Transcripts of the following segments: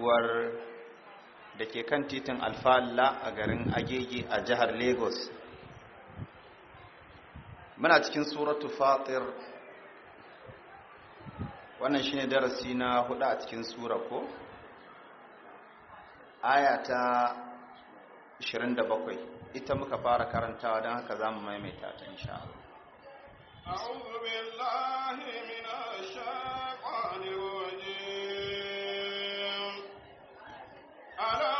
unguwar da ke kan titin alfalla a garin agege a jihar lagos muna cikin suratu fatir wannan shine darasi na hudu a cikin sura ko aya ta 27 ita muka fara karantawa don haka za mu maimaita ta insha Allah a'udhu billahi minash I don't Hello.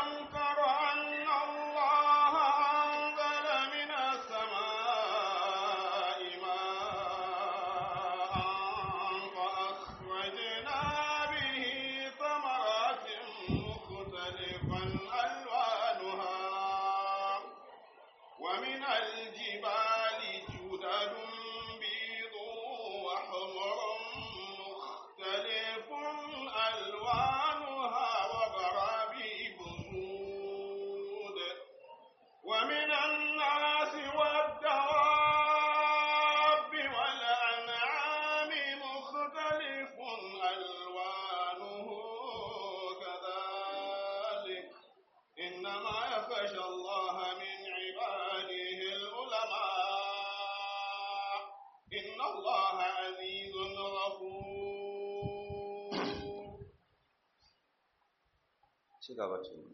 gaba tuni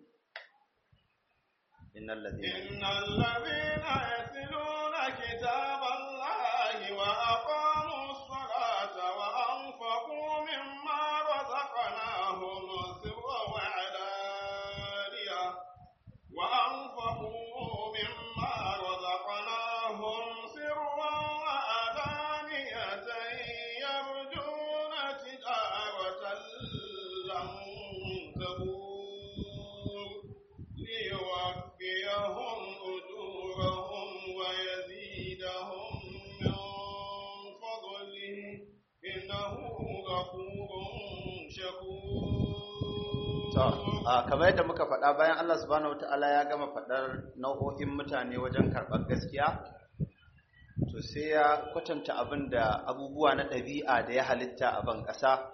إن الذين إن الذين يتلون كتاب kamar yadda muka faɗa bayan Allah subhanahu wataala ya gama faɗar nau'o'in mutane wajen karɓar gaskiya to sai ya kwatanta abin da abubuwa na ɗabi'a da ya halitta a ban ƙasa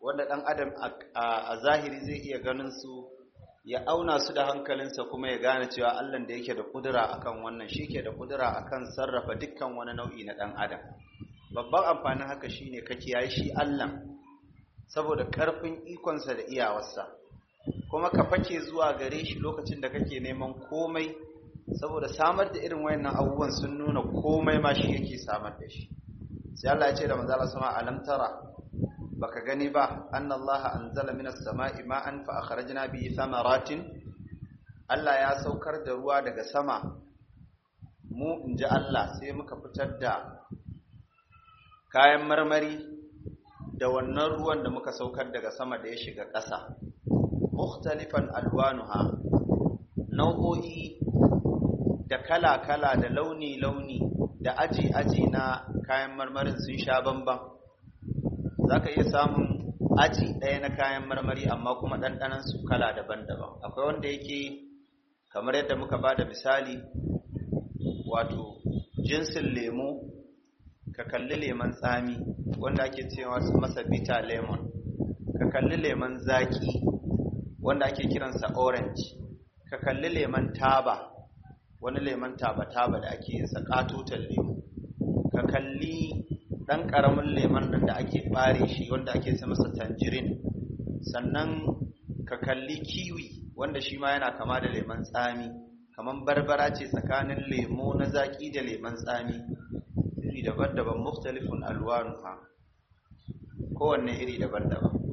wanda ɗan adam a zahiri zai iya ganin su ya auna su da hankalinsa kuma ya gane cewa Allah da yake da kudura akan wannan shi ke da kudura akan sarrafa dukkan wani nau'i na ɗan adam babban amfanin haka shine ka kiyaye shi Allah saboda ƙarfin ikonsa da iyawarsa kuma ka fake zuwa gare shi lokacin da kake neman komai saboda samar da irin wayannan abubuwan sun nuna komai ma shi yake samar da shi sai Allah ya ce da manzala sama alam tara baka gani ba annallaha anzala minas sama'i ma'an fa akhrajna bi thamaratin Allah ya saukar da ruwa daga sama mu inji Allah sai muka fitar da kayan marmari da wannan ruwan da muka saukar daga sama da ya shiga ƙasa mukhtalifan alwanuha nau'o'i da kala-kala da launi-launi da aji-aji na kayan marmarin sun sha bamban za ka iya samun aji ɗaya na kayan marmari amma kuma ɗanɗanan su kala daban-daban akwai wanda yake kamar yadda muka ba da misali wato jinsin lemo ka kalli lemon tsami wanda ake cewa masa bitter lemon ka kalli lemon zaki wanda ake kiransa orange ka kalli lemon taba wani lemon taba-taba da ake yin sakatotan lemu ka kalli ɗan ƙaramin leman da ake ɓare shi wanda ake sa masa tangerine sannan ka kalli kiwi wanda shi ma yana kama da lemon tsami kamar barbara ce tsakanin lemo na zaƙi da lemon tsami iri daban-daban muftalifun ha kowanne iri daban-daban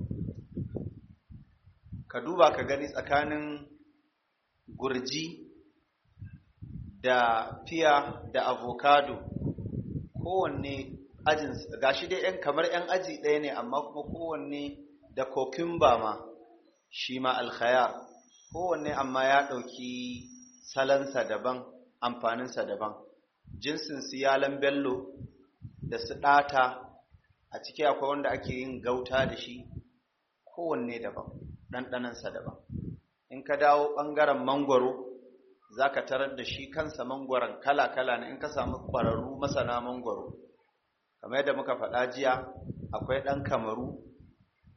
ka duba ka gani tsakanin gurji da fiya da avocado kowanne ajin gashi dai yan kamar yan aji ɗaya ne amma kuma kowanne da kokumba ma shi ma alkhaya. kowanne amma ya ɗauki salansa daban amfaninsa daban jinsin su bello da su ɗata a ciki akwai wanda ake yin gauta da shi kowanne daban ɗanɗanansa daban in ka dawo ɓangaren mangwaro za ka tarar da shi kansa mangwaron kala-kala na in ka samu ƙwararru masana mangwaro kamar yadda muka faɗa jiya akwai ɗan kamaru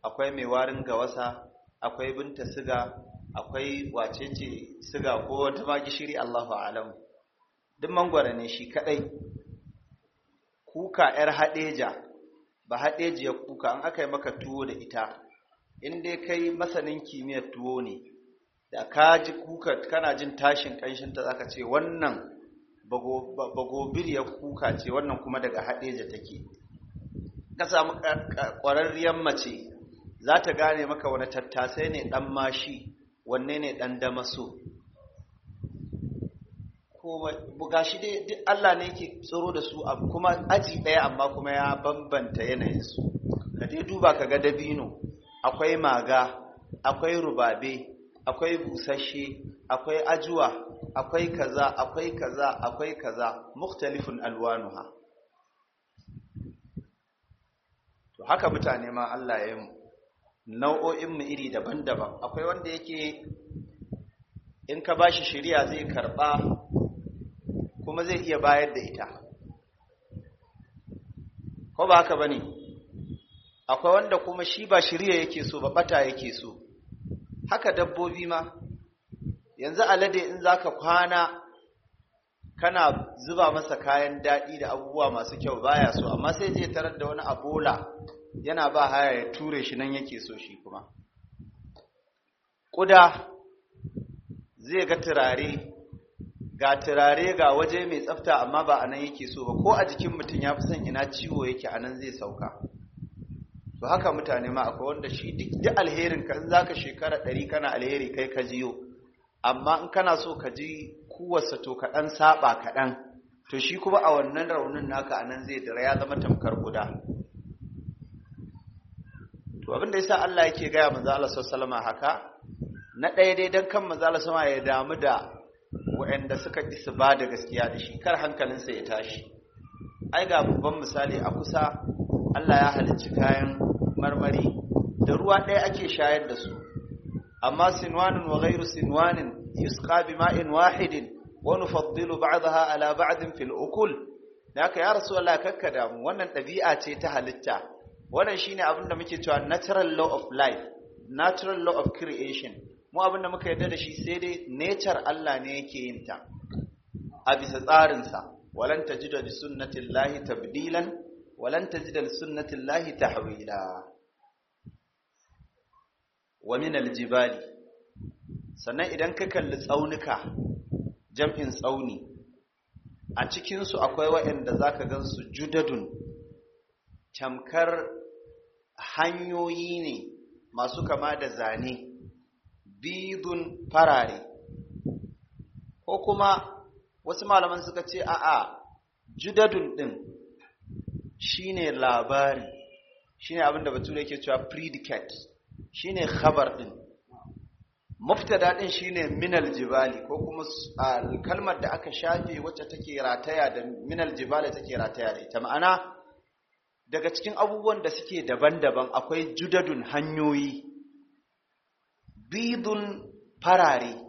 akwai mai warin gawasa akwai binta siga akwai wacece siga ko wata ma gishiri allahu alam duk mangwaro ne shi kaɗai kuka 'yar haɗeja ba ya kuka an aka yi maka tuwo da ita in dai kai masanin kimiyyar tuwo ne da ka ji kuka kana jin tashin ƙanshinta za ka ce wannan bagobiriyar kuka ce wannan kuma daga haɗeja take ka samu ƙwararriyar mace za ta gane maka wani tattasai ne ɗan mashi wanne ne ɗan damaso buga shi dai Allah ne ke tsoro da su kuma aji ɗaya amma kuma ya bambanta yanayinsu ka dai duba ka ga dabino akwai maga akwai rubabe akwai busashe, akwai ajuwa akwai kaza akwai kaza akwai kaza mukhtalifun alwanuha to haka mutane ma Allah ya yi mu nau'o'in mu iri daban-daban akwai wanda yake in ka bashi shari'a zai karba kuma zai iya bayar da ita ko ba haka bane akwai wanda kuma shi ba shirya yake so ba bata yake so haka dabbobi ma yanzu alade in za ka kwana kana zuba masa kayan daɗi da abubuwa masu kyau baya so amma sai je tarar da wani abola yana ba haya ya ture shi nan yake so shi kuma ƙuda zai ga turare ga turare ga waje mai tsafta amma ba anan nan yake so ba ko a jikin mutum ya fi son ina ciwo yake anan zai sauka to haka mutane ma akwai wanda shi duk alherin ka in zaka shekara ɗari kana alheri kai ka jiyo amma in kana so ka ji kuwarsa to ka saɓa kaɗan to shi kuma a wannan raunin naka anan zai dira ya zama tamkar guda to abin da yasa Allah yake gaya manzo Allah sallallahu alaihi haka na ɗaya dai dan kan manzo Allah wasallam ya damu da waɗanda suka ki su ba da gaskiya da shi kar hankalinsa ya tashi ai ga babban misali a kusa Allah ya halicci kayan marmari da ruwa ɗaya ake shayar da su amma sinwanin wa gairu sinwanin yusqa bi ma'in wahidin wa nufaddilu ba'daha ala ba'din fil ukul naka ya rasulullah kakka da mu wannan ɗabi'a ce ta halitta wannan shine abin da muke cewa natural law of life natural law of creation mu abin da muka yarda da shi sai dai nature Allah ne yake yin ta a bisa tsarinsa walan tajida bi sunnatillahi tabdilan walan tajida li sunnati ta tahwila wa min aljibali sannan idan ka kalli tsaunuka jam'in tsauni a cikinsu akwai waɗanda gan gansu judadun tamkar hanyoyi ne masu kama da zane bidun farare ko kuma wasu malaman suka ce a'a judadun din shine labari shine abinda bature yake cewa predicate shine khabar din mubtada din shine minal jibali ko kuma kalmar da aka shafe wacce take rataya da minal jibali take rataya da ita ma'ana daga cikin abubuwan da suke daban-daban akwai judadun hanyoyi bidun farare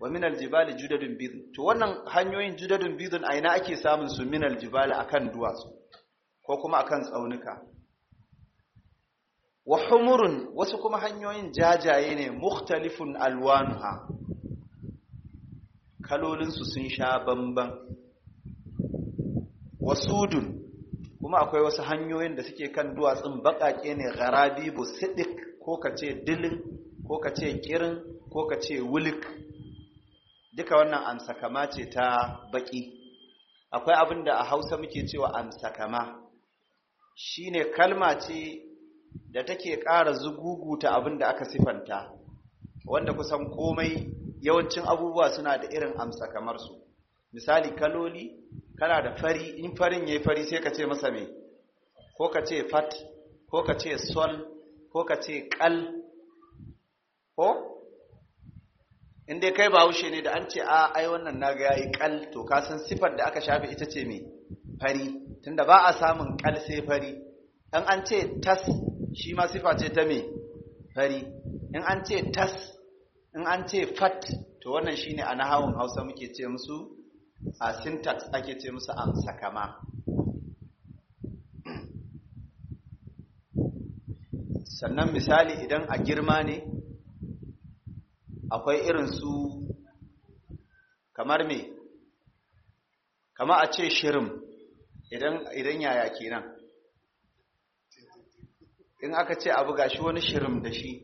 wa minal jibali judadun bidun to wannan hanyoyin judadun bidun a ina ake samun su minal jibali akan duwatsu ko kuma akan tsaunuka wa humurun wasu kuma hanyoyin jajaye ne mukhtalifun alwanuha kalolinsu sun sha bamban wasudun kuma akwai wasu hanyoyin da suke kan duwatsun baƙaƙe ne bu sidik ko kace dilin ko kace kirin ko kace wulik duka wannan amsakama ce ta baki akwai abin da a hausa muke cewa amsakama shine kalma ce da take ƙara zuguguta abin da aka sifanta wanda kusan komai yawancin abubuwa suna da irin amsakamarsu misali kaloli kana da fari in farin ya yi fari sai ka ce masa mai ko ka ce fat ko ka ce sol ko ka ce kal ko in dai kai haushe ne da an ce a ah, ai wannan naga yayi kal to ka san sifar da aka shafe ita ce me fari tunda ba a samun kal sai fari in an ce tas shi ma sifa ce ta me fari in an ce tas in an ce fat to wannan shine a nahawun Hausa muke ce musu a syntax ake ce musu sakama sannan misali idan a girma ne akwai irin su kamar me kama a ce shirin idan yaya kenan in aka ce abu ga shi wani shirin da shi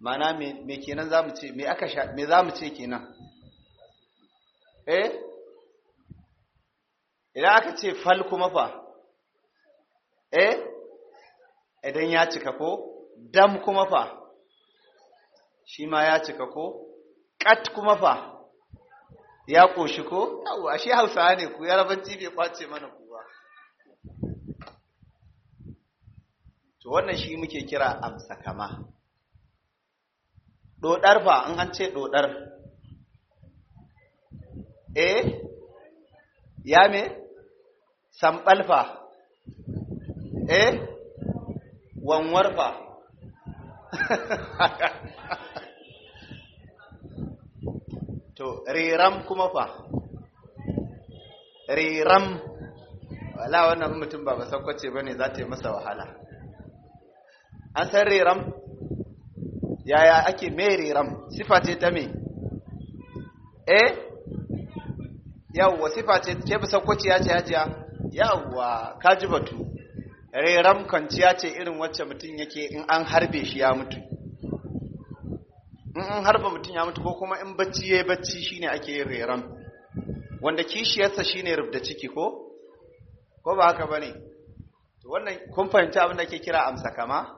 mana me kenan za mu ce me aka sha me za mu ce kenan eh idan aka ce fal kuma fa eh idan ya cika ko dam kuma fa shi ma ya cika ko kat kuma fa ya ƙoshi ko a shi hausa ne ku yarabanci bai kwace mana ku ba to wannan shi muke kira amsa kama dodar fa in an ce ɗoɗar eh ya me sambal fa eh wanwar fa to riram kuma fa riram wala wannan mutum ba basakwace ba ne za ta yi masa wahala an san riram yaya ake me riram sifa ce ta me eh yawwa sifa ce ke basakwace ya ce hajiya yawwa kaji batu riram kwanciya ce irin wacce mutum yake in an harbe shi ya mutu in harba mutum ya mutu ko kuma in bacci ya yi bacci ne ake yin reran wanda kishiyarsa shi ne rubda ciki ko ko ba haka ne? to wannan kun fahimci abin da ke kira amsa kama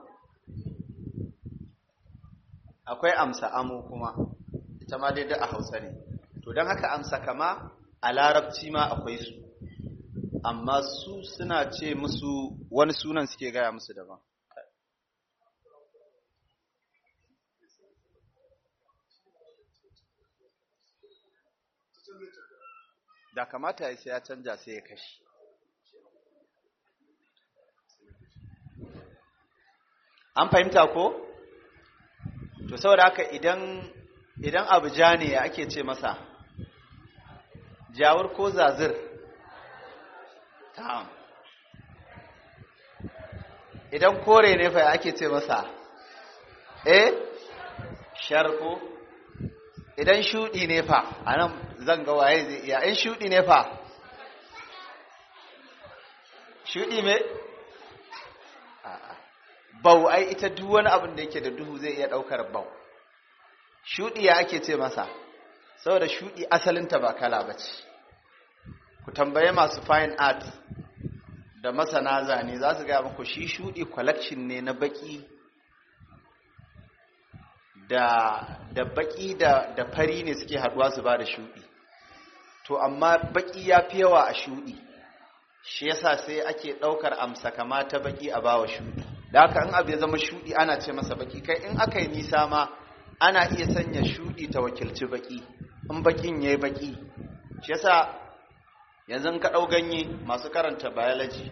akwai amsa amo kuma ita ma dai a Hausa ne to don haka amsa kama a larabci ma akwai su amma su suna ce musu wani sunan suke gaya musu daban da kamata ya sai ya canja sai ya kashi an fahimta ko to saboda haka idan idan abu ja ne ake ce masa jawur ko zazir ta'am idan kore ne fa ake ce masa eh sharko idan shuɗi ne fa a nan zan ga waye zai iya in shuɗi ne fa shuɗi me bau ai ita duk wani abin da yake da duhu zai iya ɗaukar bau shuɗi ya ake ce masa saboda shuɗi asalinta ba kala ba ce ku tambaye masu fine art da masana zane za su gaya muku shi shuɗi collection ne na baƙi da da baki da da fari ne suke haduwa su ba da shudi to amma baki ya fi yawa a shudi shi yasa sai ake daukar amsa kama ta baki a bawa shudi da haka in abu ya zama shudi ana ce masa baki kai in aka yi nisa ma ana iya sanya shudi ta wakilci baki in bakin yayi baki shi yasa yanzu ka dau ganye masu karanta biology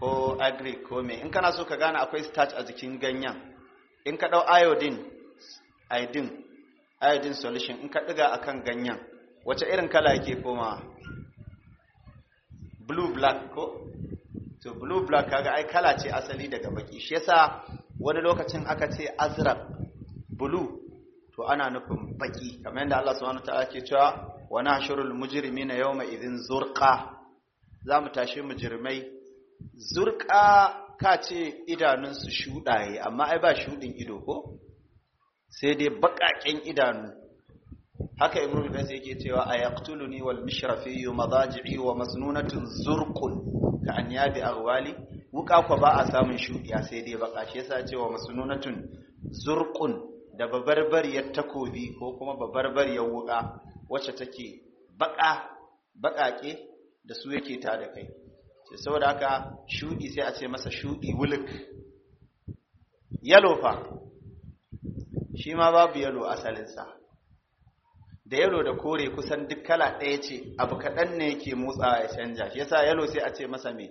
ko agri ko me in kana so ka gane akwai starch a jikin ganyen in ka dau iodine iodine iodine solution in ka ɗiga akan ganyen wace irin kala yake koma blue black ko to blue black kaga ai kala ce asali daga baki shi yasa wani lokacin aka ce azraq blue to ana nufin baki kamar yadda Allah subhanahu ta'ala ke cewa wa nahshurul mujrimina yawma idhin zurqa zamu tashi mujrimai zurqa ka ce idanunsu shuɗaye amma ai ba shuɗin ido ko sai dai baƙaƙen idanu haka ibnu sai yake cewa ayaqtuluni wal mishrafi madaji'i wa masnunatun zurqun ka an yabi arwali wuka ko ba a samun shudiya sai dai baka shi yasa cewa masnunatun zurqun da babarbar ya takobi ko kuma babarbar ya wuka wacce take baka bakake da su yake ta da kai sai saboda haka shudi sai a ce masa shudi wuluk yalofa shi ma babu yalo asalinsa da yalo da kore kusan duk kala ɗaya ce abu kaɗan ne yake motsa ya canja shi yasa yalo sai a ce masa me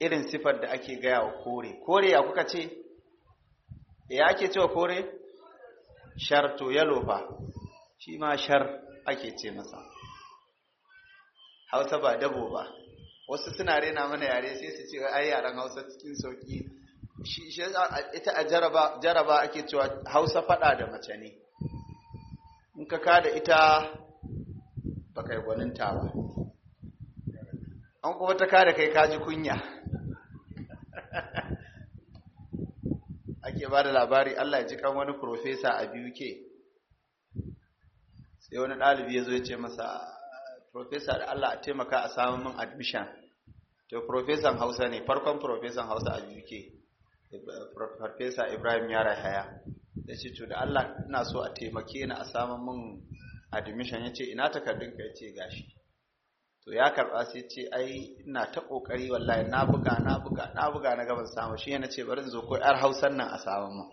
irin sifar da ake gaya wa kore kore ya kuka ce ya ake cewa kore shar to yalo fa shi ma shar ake ce masa hausa ba dabo ba wasu suna rena mana yare sai su ce ai yaran hausa cikin sauki ita a jaraba jaraba ake cewa hausa fada da mace ne in ka ka da ita ba kai gwaninta ba an kuma ta ka da kai kaji kunya ake ba da labari Allah ya ji kan wani profesa a ke. sai wani ɗalibi ya zo ya ce masa profesa da Allah a taimaka a samun admission to profesan Hausa ne farkon profesan Hausa a ke. farfesa ibrahim ya rahaya ya ce to da allah ina so a taimake ni a samun min admission ya ce ina takardunka ya ce gashi to ya karɓa sai ce ai ina ta ƙoƙari wallahi na buga na buga na buga na gaban samu shi yana ce bari in zo ko yar hausan nan a samun mu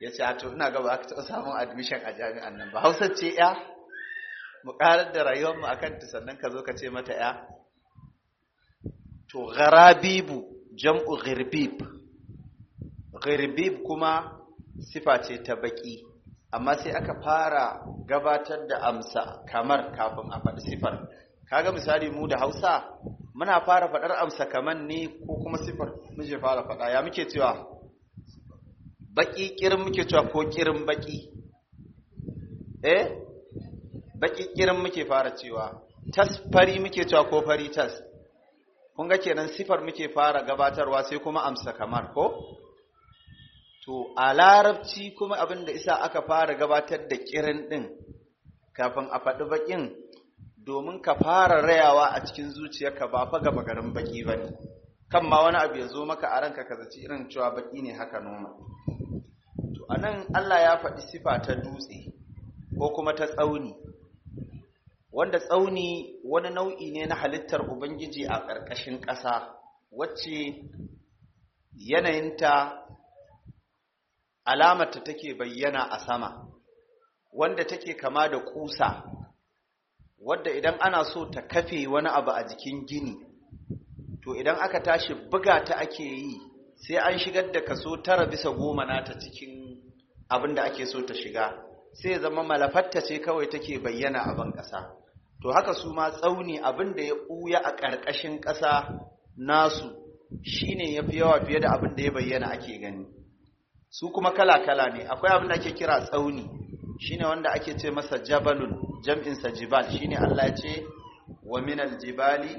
ya ce to ina gaba aka taɓa samun admission a jami'an nan ba hausar ce ya mu karar da rayuwar mu akan ta sannan ka zo ka ce mata ya to gharabibu jam'u ghirbib khirbib kuma sifa ce ta baki amma sai aka fara gabatar da amsa kamar kafin a faɗi sifar kaga misali mu da Hausa muna fara faɗar amsa kamar ne ko kuma sifar muke fara faɗa ya muke cewa baki kirin muke cewa ko kirin baki eh baki kirin muke fara cewa tas fari muke cewa ko fari tas kun ga kenan sifar muke fara gabatarwa sai kuma amsa kamar ko to a larabci kuma abin da isa aka fara gabatar da kirin ɗin kafin a faɗi baƙin domin ka fara rayawa a cikin zuciyarka ba fa gaba garin baƙi ba ne kan ma wani abu ya zo maka a ranka ka zaci irin cewa baƙi ne haka noma to a nan allah ya faɗi sifa ta dutse ko kuma ta tsauni wanda tsauni wani nau'i ne na halittar ubangiji a ƙarƙashin ƙasa wacce yanayinta alamar ta take bayyana a sama wanda take kama da kusa wadda idan ana so ta kafe wani abu a jikin gini to idan aka tashi buga ta ake yi sai an shigar da kaso tara bisa goma nata cikin abin da ake so ta shiga sai zama malafatta ce kawai take bayyana abin ƙasa to haka su ma tsauni abin da ya ɓuya a ƙarƙashin ƙasa nasu shine ya fi yawa fiye da abin da ya bayyana ake gani su kuma kala-kala ne akwai abin da ake kira tsauni shine wanda ake ce masa jabalun jam'in sa jibal shine Allah ya ce wa min al jibali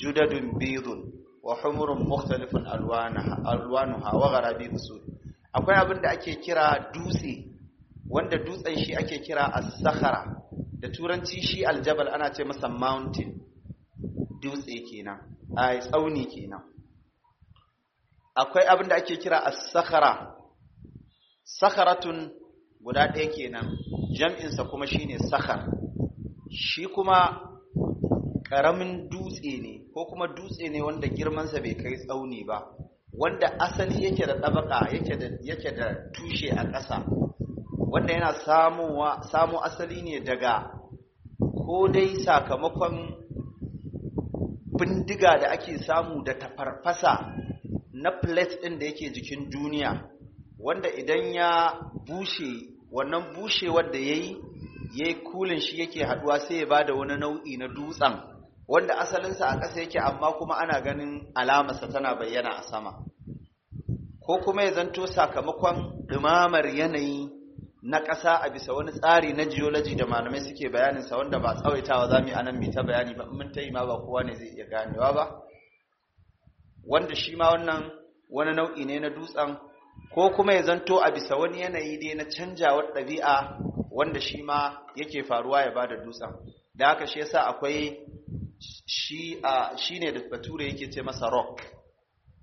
judadun bidun wa humurun mukhtalifun alwanaha alwanuha wa gharabi usul akwai abin da ake kira dutse wanda dutsen shi ake kira as-sakhara da turanci shi Al-Jabal ana ce masa mountain dutse kenan ai tsauni kenan akwai abin da ake kira as-sakhara sakaratun guda ɗaya kenan jam'insa kuma shine sakar shi kuma ƙaramin dutse ne ko kuma dutse ne wanda girmansa bai kai tsauni ba wanda asali yake da ɗabaƙa yake da tushe a ƙasa wanda yana samo asali ne daga ko dai sakamakon bindiga da ake samu da tafarfasa na plate ɗin da yake jikin duniya wanda idan ya bushe wannan bushe wanda ya yi ya yi kulin shi yake haduwa sai ya ba da wani nau'i na dutsen wanda asalinsa a ƙasa yake amma kuma ana ganin alamarsa tana bayyana a sama ko kuma ya zanto sakamakon ɗumamar yanayi na ƙasa a bisa wani tsari na geology da malamai suke bayaninsa wanda ba tsawaitawa za mu yi anan ta bayani ba mun ta yi ma ba kowa ne zai iya ganewa ba wanda shi ma wannan wani nau'i ne na dutsen ko kuma ya zanto a bisa wani yanayi dai na canjawar ɗabi'a wanda shi ma yake faruwa ya ba da dutsen da haka shi yasa akwai shi ne da bature yake ce masa rock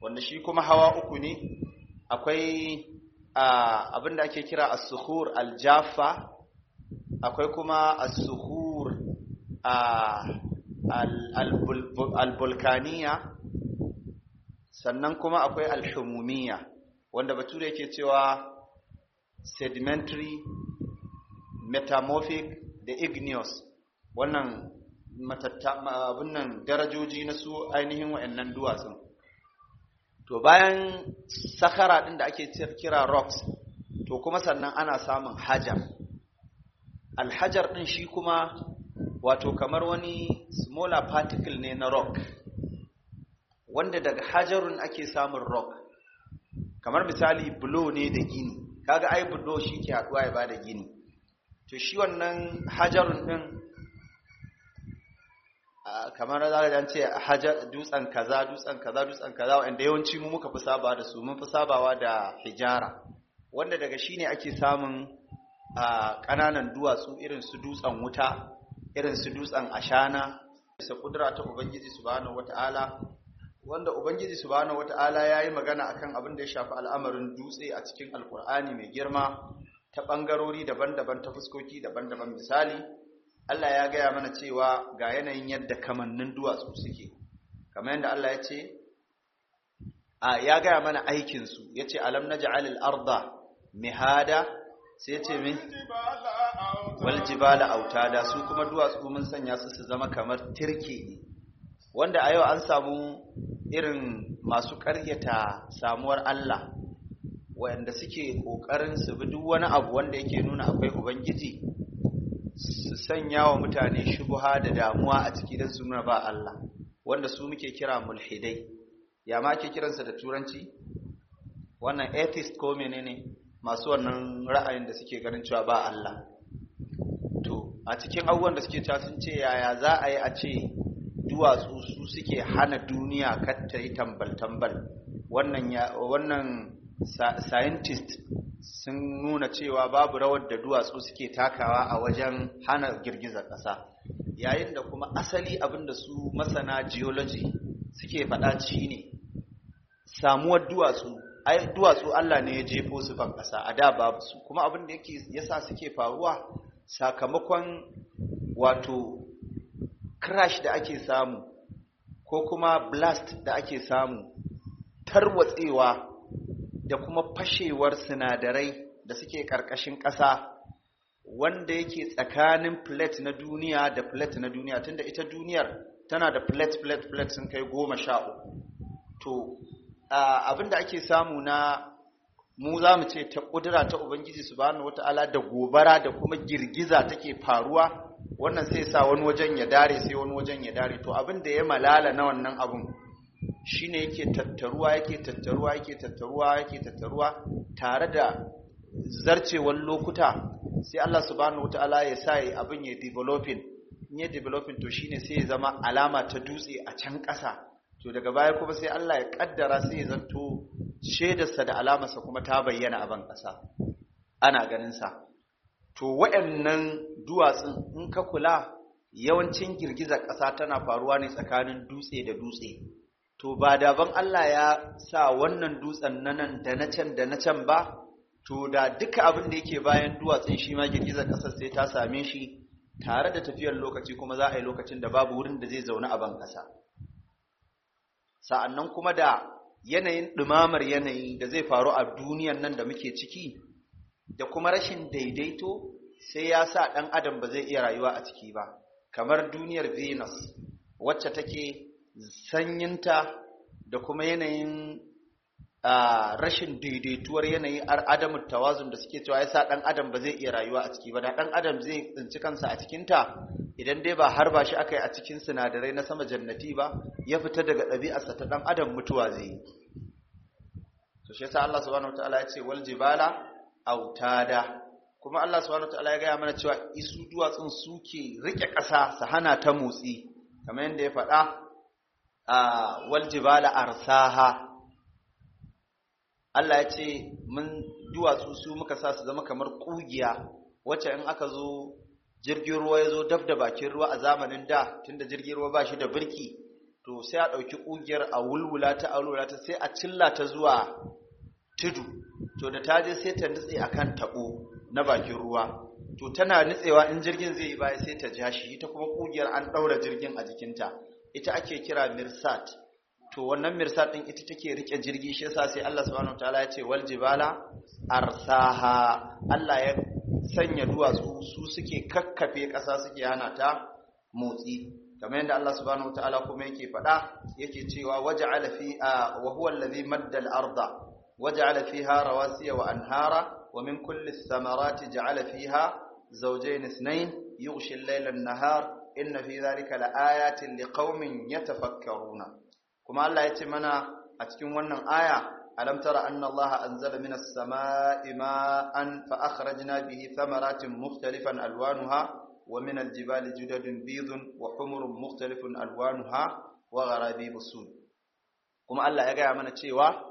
wanda shi kuma hawa uku ne akwai abin da ake kira a suhur aljafa akwai kuma a suhur albulkaniya sannan kuma akwai alhumumiyya wanda bature yake cewa sedimentary metamorphic da igneous wannan abinnan darajoji na su ainihin wa'annan duwatsun to bayan sakara ɗin da ake kira rocks to kuma sannan ana samun hajar alhajar ɗin shi kuma wato kamar wani smaller particle ne na rock wanda daga hajarun ake samun rock kamar misali bulo ne da gini kaga ai bulo shi ke haɗuwa ya bada gini to shi wannan hajarun ɗin kamar za ka ce hajar dutsen kaza dutsen kaza dutsen kaza wanda yawanci mu muka fi saba da su mun fi sabawa da hijara wanda daga shi ne ake samun ƙananan duwatsu irin su dutsen wuta irin su dutsen ashana bisa kudura ta ubangiji subhanahu wata'ala wanda ubangiji wata ala ya yi magana akan abin da ya shafi al'amarin dutse a cikin alkur'ani mai girma ta bangarori daban-daban ta fuskoki daban-daban misali Allah ya gaya mana cewa ga yanayin yadda kamannin duwatsu suke kamar yadda Allah ya ce ya gaya mana aikin su yace alam naj'alil arda mihada sai yace min wal autada su kuma duwatsu mun sanya su su zama kamar tirke ne wanda a yau an samu irin masu karyata samuwar Allah wanda suke ƙoƙarin su bi duk wani abu wanda yake nuna akwai ubangiji su sanya wa mutane shubuha da damuwa a ciki don su nuna ba Allah wanda su muke kira mulhidai ya ma ke kiransa da turanci wannan atheist ko menene masu wannan ra'ayin da suke ganin cewa ba Allah to a cikin abubuwan da suke cewa sun ce yaya za a yi a ce duwatsu su suke hana duniya kar ta yi tambal-tambal wannan scientist sun nuna cewa babu rawar da duwatsu suke takawa a wajen hana girgizar ƙasa yayin da kuma asali abinda su masana geology suke faɗa ci ne samuwar duwatsu ai duwatsu Allah ne ya jefo su ban ƙasa a da babu su kuma abinda da yasa suke faruwa sakamakon wato crash da ake samu ko kuma blast da ake samu tarwatsewa da kuma fashewar sinadarai da suke ƙarƙashin ƙasa wanda yake tsakanin plate na duniya da plate na duniya tunda ita duniyar tana da plate plate plate sun kai goma sha uku to abin da ake samu na mu za mu ce ta ƙudura ta ubangiji wata ala da gobara da kuma girgiza take faruwa wannan sai sa wani wajen ya dare sai wani wajen ya dare to abin da ya malala na wannan abun shine yake tattaruwa yake tattaruwa yake tattaruwa yake tattaruwa tare da zarcewar lokuta sai Allah subhanahu wataala ya sa abin ya developing in ya developing to shine sai ya zama alama ta dutse a can ƙasa to daga baya kuma sai Allah ya kaddara sai ya zanto shaidarsa da alamarsa kuma ta bayyana a ban ƙasa ana ganin sa to waɗannan duwatsun in ka kula yawancin girgizar ƙasa tana faruwa ne tsakanin dutse da dutse to ba da ban Allah ya sa wannan dutsen na nan da na can da na can ba to da duka abin da yake bayan duwatsun shi ma girgizar ƙasar sai ta same shi tare da tafiyar lokaci kuma za a yi lokacin da babu wurin da zai zaune a ban ƙasa sa'annan kuma da yanayin ɗumamar yanayi da zai faru a duniyan nan da muke ciki da kuma rashin daidaito sai ya sa ɗan adam ba zai iya rayuwa a ciki ba kamar duniyar venus wacce take sanyinta da kuma yanayin rashin daidaituwar yanayin adamun tawazun da suke cewa ya sa ɗan adam ba zai iya rayuwa a ciki ba da ɗan adam zai tsinci kansa a cikinta idan dai ba har ba shi aka yi a cikin sinadarai na sama jannati ba ya fita daga ɗabi'arsa ta ɗan adam mutuwa zai yi to shi yasa Allah subhanahu ya ce wal jibala autada kuma Allah subhanahu ta'ala ya gaya mana cewa isu duwatsun suke rike ƙasa su hana ta motsi kamar yadda ya faɗa a waljibala arsaha Allah ya ce mun duwatsu su muka sa su zama kamar kugiya wacce in aka zo jirgin ruwa ya zo dab da bakin ruwa a zamanin da tunda jirgin ruwa ba shi da birki to sai a ɗauki ƙugiyar a wulwula ta a wulwula ta sai a cilla ta zuwa tudu to da ta je sai ta nutse kan taɓo na bakin ruwa to tana nutsewa in jirgin zai yi baya sai ta ja shi ita kuma kugiyar an daura jirgin a jikinta ita ake kira mirsat to wannan mirsat din ita take rike jirgi shi yasa sai Allah subhanahu wataala ya ce wal jibala arsaha Allah ya sanya duwatsu su suke kakkafe ƙasa suke hana ta motsi kamar yadda Allah subhanahu wataala kuma yake faɗa yake cewa waja'ala fi wa huwa alladhi madda al-arda وجعل فيها رواسي وأنهارا ومن كل الثمرات جعل فيها زوجين اثنين يغشي الليل النهار إن في ذلك لآيات لقوم يتفكرون كما الله يتمنى أتكون ونن آية ألم ترى أن الله أنزل من السماء ماء فأخرجنا به ثمرات مختلفا ألوانها ومن الجبال جدد بيض وحمر مختلف ألوانها وغرابيب السود كما الله يقول من تشيوه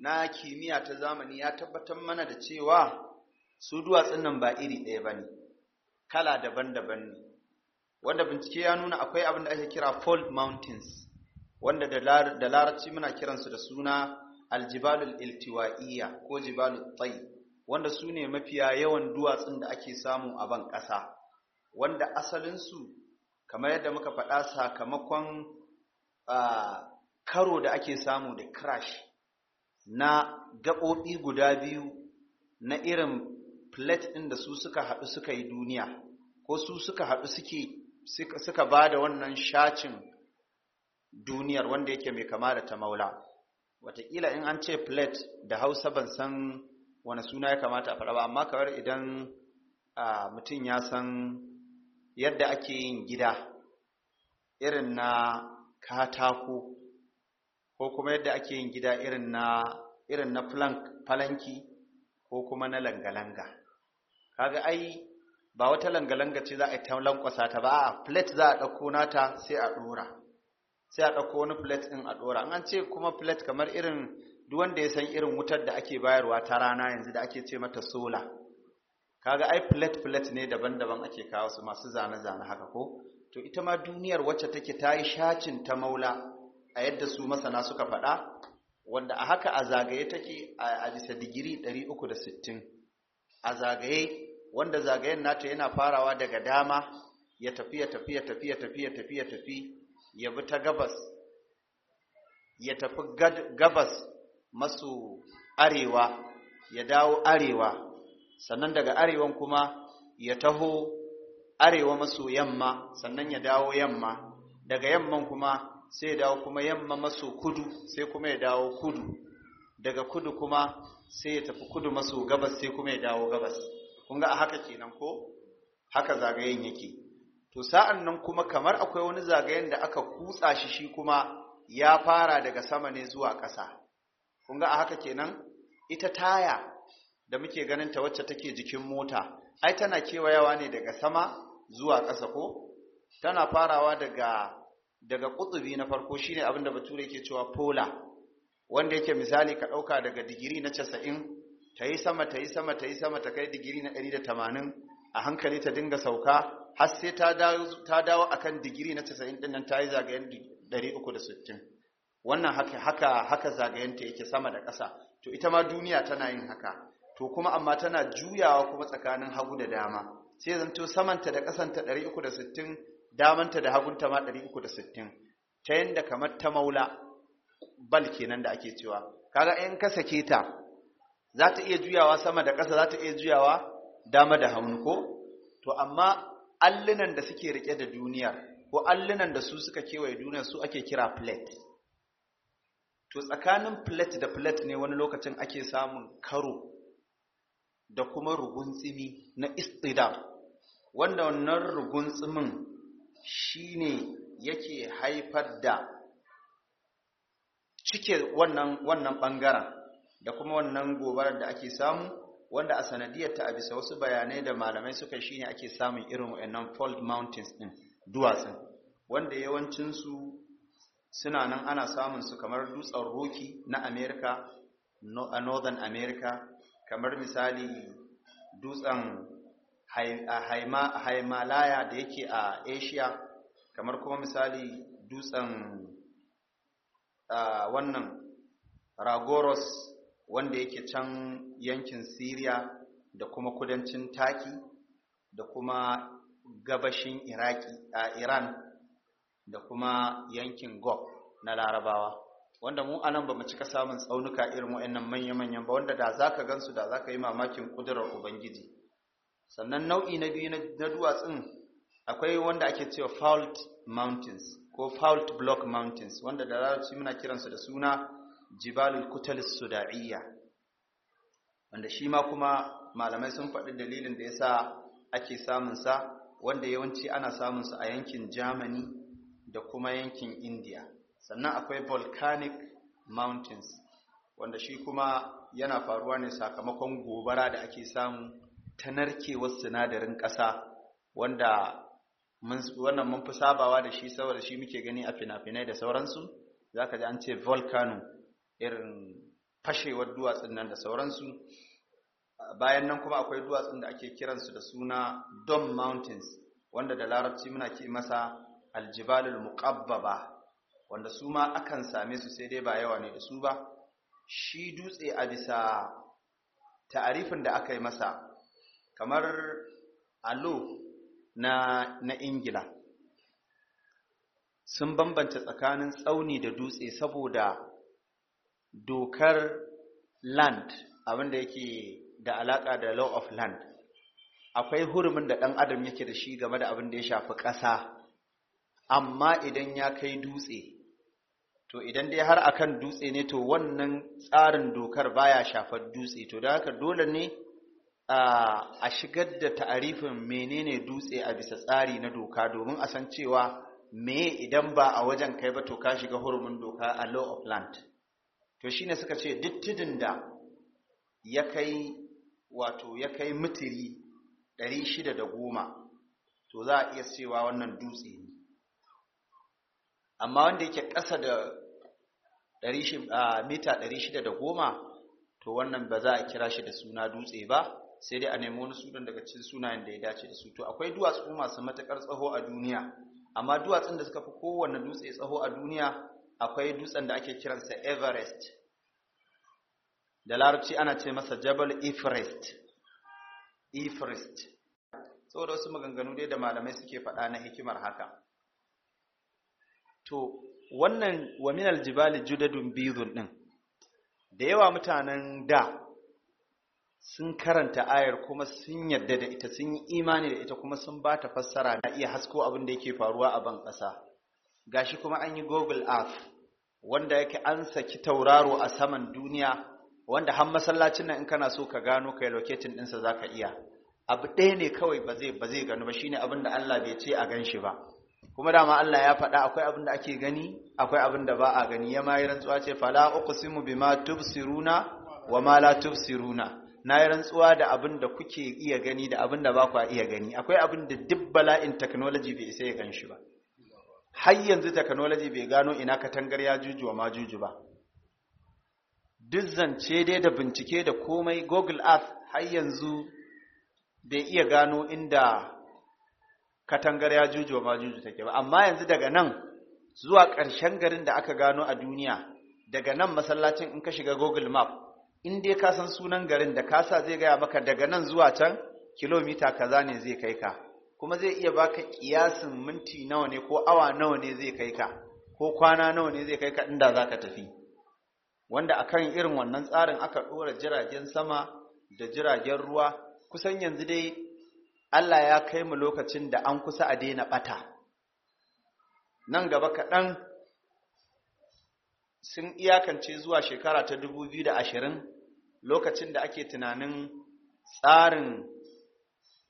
na kimiyya ta zamani ya tabbatar mana da cewa su duwatsun nan ba iri ɗaya ba ne kala daban-daban ne wanda bincike ya nuna akwai abin da ake kira fold mountains wanda da larabci muna kiransu da suna aljibalul iltiwa'iyya ko jibalul tsayi wanda su ne mafiya yawan duwatsun da ake samu a ban ƙasa wanda asalinsu kamar yadda muka faɗa sakamakon ah, karo da ake samu da crash na gaɓoɓi guda biyu na irin plate ɗin da su suka haɗu suka yi duniya ko su suka haɗu suke suka ba da wannan shacin duniyar wanda yake mai kama da ta maula wataƙila in an ce plate da hausa ban san wani suna ya kamata a faɗa ba amma kamar idan mutum ya san yadda ake yin gida irin na katako ko kuma yadda ake yin gida irin na irin na falanki ko kuma na langalanga kaga ai ba wata langalanga ce za a yi ta lankwasa ta ba a plate za a ɗauko nata sai a ɗora sai a ɗauko wani plate ɗin a ɗora an ce kuma plate kamar irin duk wanda ya san irin wutar da ake bayarwa ta rana yanzu da ake ce mata sola kaga ai plate plate ne daban-daban ake kawo su masu zane-zane haka ko to ita ma duniyar wacce take ta yi shacin ta maula a yadda su masana suka faɗa wanda a haka a zagaye take a bisa digiri 360 a zagaye wanda zagayen nata yana farawa daga dama ya tafi ya tafi ya tafi ya tafi ya tafi ya tafi ya bi ta gabas ya tafi gabas masu arewa ya dawo arewa sannan daga arewan kuma ya taho arewa maso yamma sannan ya dawo yamma daga yamman kuma sai ya dawo kuma yamma maso kudu sai kuma ya dawo kudu daga kudu kuma sai ya tafi kudu maso gabas sai kuma ya dawo gabas kun ga haka kenan ko haka zagayen yake to sa'an nan kuma kamar akwai wani zagayen da aka kutsa shi shi kuma ya fara daga sama ne zuwa ƙasa kun ga a haka kenan ita taya da muke ganin ta wacce take jikin mota ai tana kewayawa ne daga sama zuwa ƙasa ko tana farawa daga daga ƙutubi na farko shine abin da bature yake cewa pola wanda yake misali ka ɗauka daga digiri na casa'in ta yi sama ta yi sama ta yi sama ta kai digiri na ɗari da tamanin a hankali ta dinga sauka har sai ta dawo akan digiri na casa'in ɗin nan ta yi zagayen ɗari uku da sittin wannan haka haka haka zagayenta yake sama da ƙasa to ita ma duniya tana yin haka to kuma amma tana juyawa kuma tsakanin hagu da dama sai zanto samanta da ƙasanta ɗari uku da sittin damanta da hagunta ma 360 ta yanda kamar ta maula bal kenan da ake cewa kaga in ka sake ta za ta iya juyawa sama da ƙasa za ta iya juyawa dama da haunu ko to amma allunan da suke rike da duniya ko allunan da su suka kewaye duniya su ake kira plate to tsakanin plate da plate ne wani lokacin ake samun karo da kuma rugun tsimi na istidar wanda wannan rugun tsimin shine yake haifar da cike wannan wannan bangaren da kuma wannan gobarar da ake samu wanda a sanadiyar ta a bisa wasu bayanai da malamai suka shine ake samun irin wayannan fault mountains din duwatsun wanda yawancin su suna nan ana samun su kamar dutsen roki na America a Northern America kamar misali dutsen haimalaya da yake a asia kamar kuma misali dutsen wannan ragoros wanda yake can yankin syria da kuma kudancin taki da kuma gabashin iraki a iran da kuma yankin gob na larabawa wanda mu anan ba mu cika samun tsaunuka irin wa'annan manya-manyan ba wanda da za ka gansu da za ka yi mamakin ƙudurar ubangiji sannan nau'i na biyu na duwatsun akwai wanda ake cewa fault mountains ko fault block mountains wanda da larabci muna kiransu da suna jibalul kutal sudaiya wanda shi ma kuma malamai sun faɗi dalilin da ya sa ake samun sa wanda yawanci ana samun sa a yankin Germany da kuma yankin India sannan akwai volcanic mountains wanda shi kuma yana faruwa ne sakamakon gobara da ake samu ta narkewar sinadarin ƙasa wanda wannan mun fi sabawa da shi saboda shi muke gani a fina-finai da sauransu za ka ji an ce volcano irin fashewar duwatsun nan da sauransu bayan nan kuma akwai duwatsun da ake kiransu da suna dom mountains wanda da larabci muna ke masa aljibalul muqabbaba wanda su ma akan same su sai dai ba yawa ne da su ba shi dutse a bisa ta'arifin da aka yi masa kamar Alo na, na ingila sun bambanta tsakanin tsauni da dutse saboda dokar land abinda yake da alaka da law of land akwai hurumin da ɗan adam yake da shi game da abin da ya shafi ƙasa amma idan ya kai dutse to idan dai har akan dutse ne to wannan tsarin dokar baya shafar dutse to da haka dole ne a shigar da ta'arifin menene dutse a bisa tsari na doka domin a san cewa me idan ba a wajen kai ba to ka shiga hurumin doka a law of land to shine suka ce duk tudun da ya kai wato ya kai mutiri 610 to za a iya cewa wannan dutse ne amma wanda yake ƙasa da mita 610 to wannan ba za a kira shi da suna dutse ba sai dai a nemi wani sunan daga cikin sunayen da ya dace da su to akwai duwatsu masu matakar tsaho a duniya amma duwatsun da suka fi kowanne dutse tsaho a duniya akwai dutsen da ake kiransa Everest da larabci ana ce masa Jabal Everest Everest saboda wasu maganganu dai da malamai suke faɗa na hikimar haka to wannan wa minal jibali judadun bidun din da yawa mutanen da sun karanta ayar kuma sun yarda da ita sun yi imani da ita kuma sun ba ta fassara na iya hasko abin da yake faruwa a ban ƙasa gashi kuma an yi google earth wanda yake an saki tauraro a saman duniya wanda har masallacin nan in kana so ka gano kai locating ɗinsa za ka iya abu ɗaya ne kawai ba zai ba zai gano ba shine abin da Allah bai ce a gan shi ba kuma dama Allah ya faɗa akwai abin da ake gani akwai abin da ba a gani ya ma yi rantsuwa ce fala uqsimu bima tubsiruna wa ma la tubsiruna na yi rantsuwa da abin da kuke iya gani da abin da ba ku iya gani akwai abin da duk bala'in technology bai sai ya gan shi ba har yanzu technology bai gano ina katangar ya juju wa ma juju ba duk zance dai da bincike da komai google earth har yanzu bai iya gano inda katangar ya juju wa ma juju take ba amma yanzu daga nan zuwa ƙarshen garin da aka gano a duniya daga nan masallacin in ka shiga google map in dai ka san sunan garin da kasa zai gaya maka daga nan zuwa can kilomita kaza ne zai kai ka kuma zai iya baka kiyasin minti nawa ne ko awa nawa ne zai kai ka ko kwana nawa ne zai kai ka inda za tafi wanda akan irin wannan tsarin aka ɗora jiragen sama da jiragen ruwa kusan yanzu dai Allah ya kai mu lokacin da an kusa a daina bata nan gaba kaɗan sun iyakance zuwa shekara ta 2020 lokacin da ake tunanin tsarin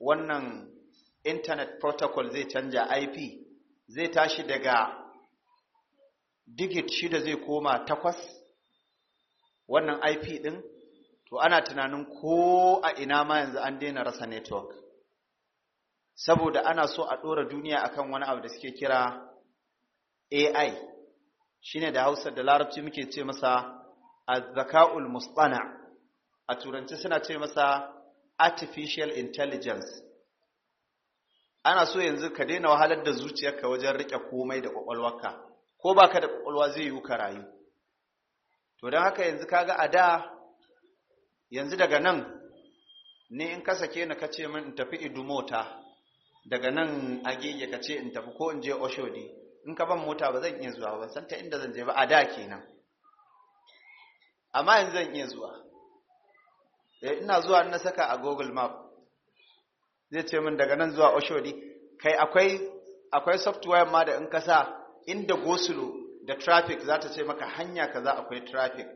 wannan internet protocol zai canja ip zai tashi daga digit shida zai koma takwas wannan ip din to ana tunanin ko a ina ma yanzu an daina rasa network saboda ana so a ɗora duniya akan wani abu da suke kira ai shine da Hausa da Larabci muke ce masa az-zaka'ul mustana a turanci suna ce masa artificial intelligence ana so yanzu ka daina wahalar da zuciyarka wajen rike komai da kwakwalwarka ko baka da kwakwalwa zai yi ka rayu to don haka yanzu kaga a da yanzu daga nan ne in ka sake ni ka ce min in tafi idumota daga nan agege ka ce in tafi ko in je oshodi in ka ban mota ba zan iya zuwa ban san ta inda zan je ba a da kenan amma yanzu zan iya zuwa eh ina zuwa na saka a Google Map zai ce min daga nan zuwa Oshodi kai akwai akwai software ma da in ka sa inda gosulo da traffic za ta ce maka hanya kaza akwai traffic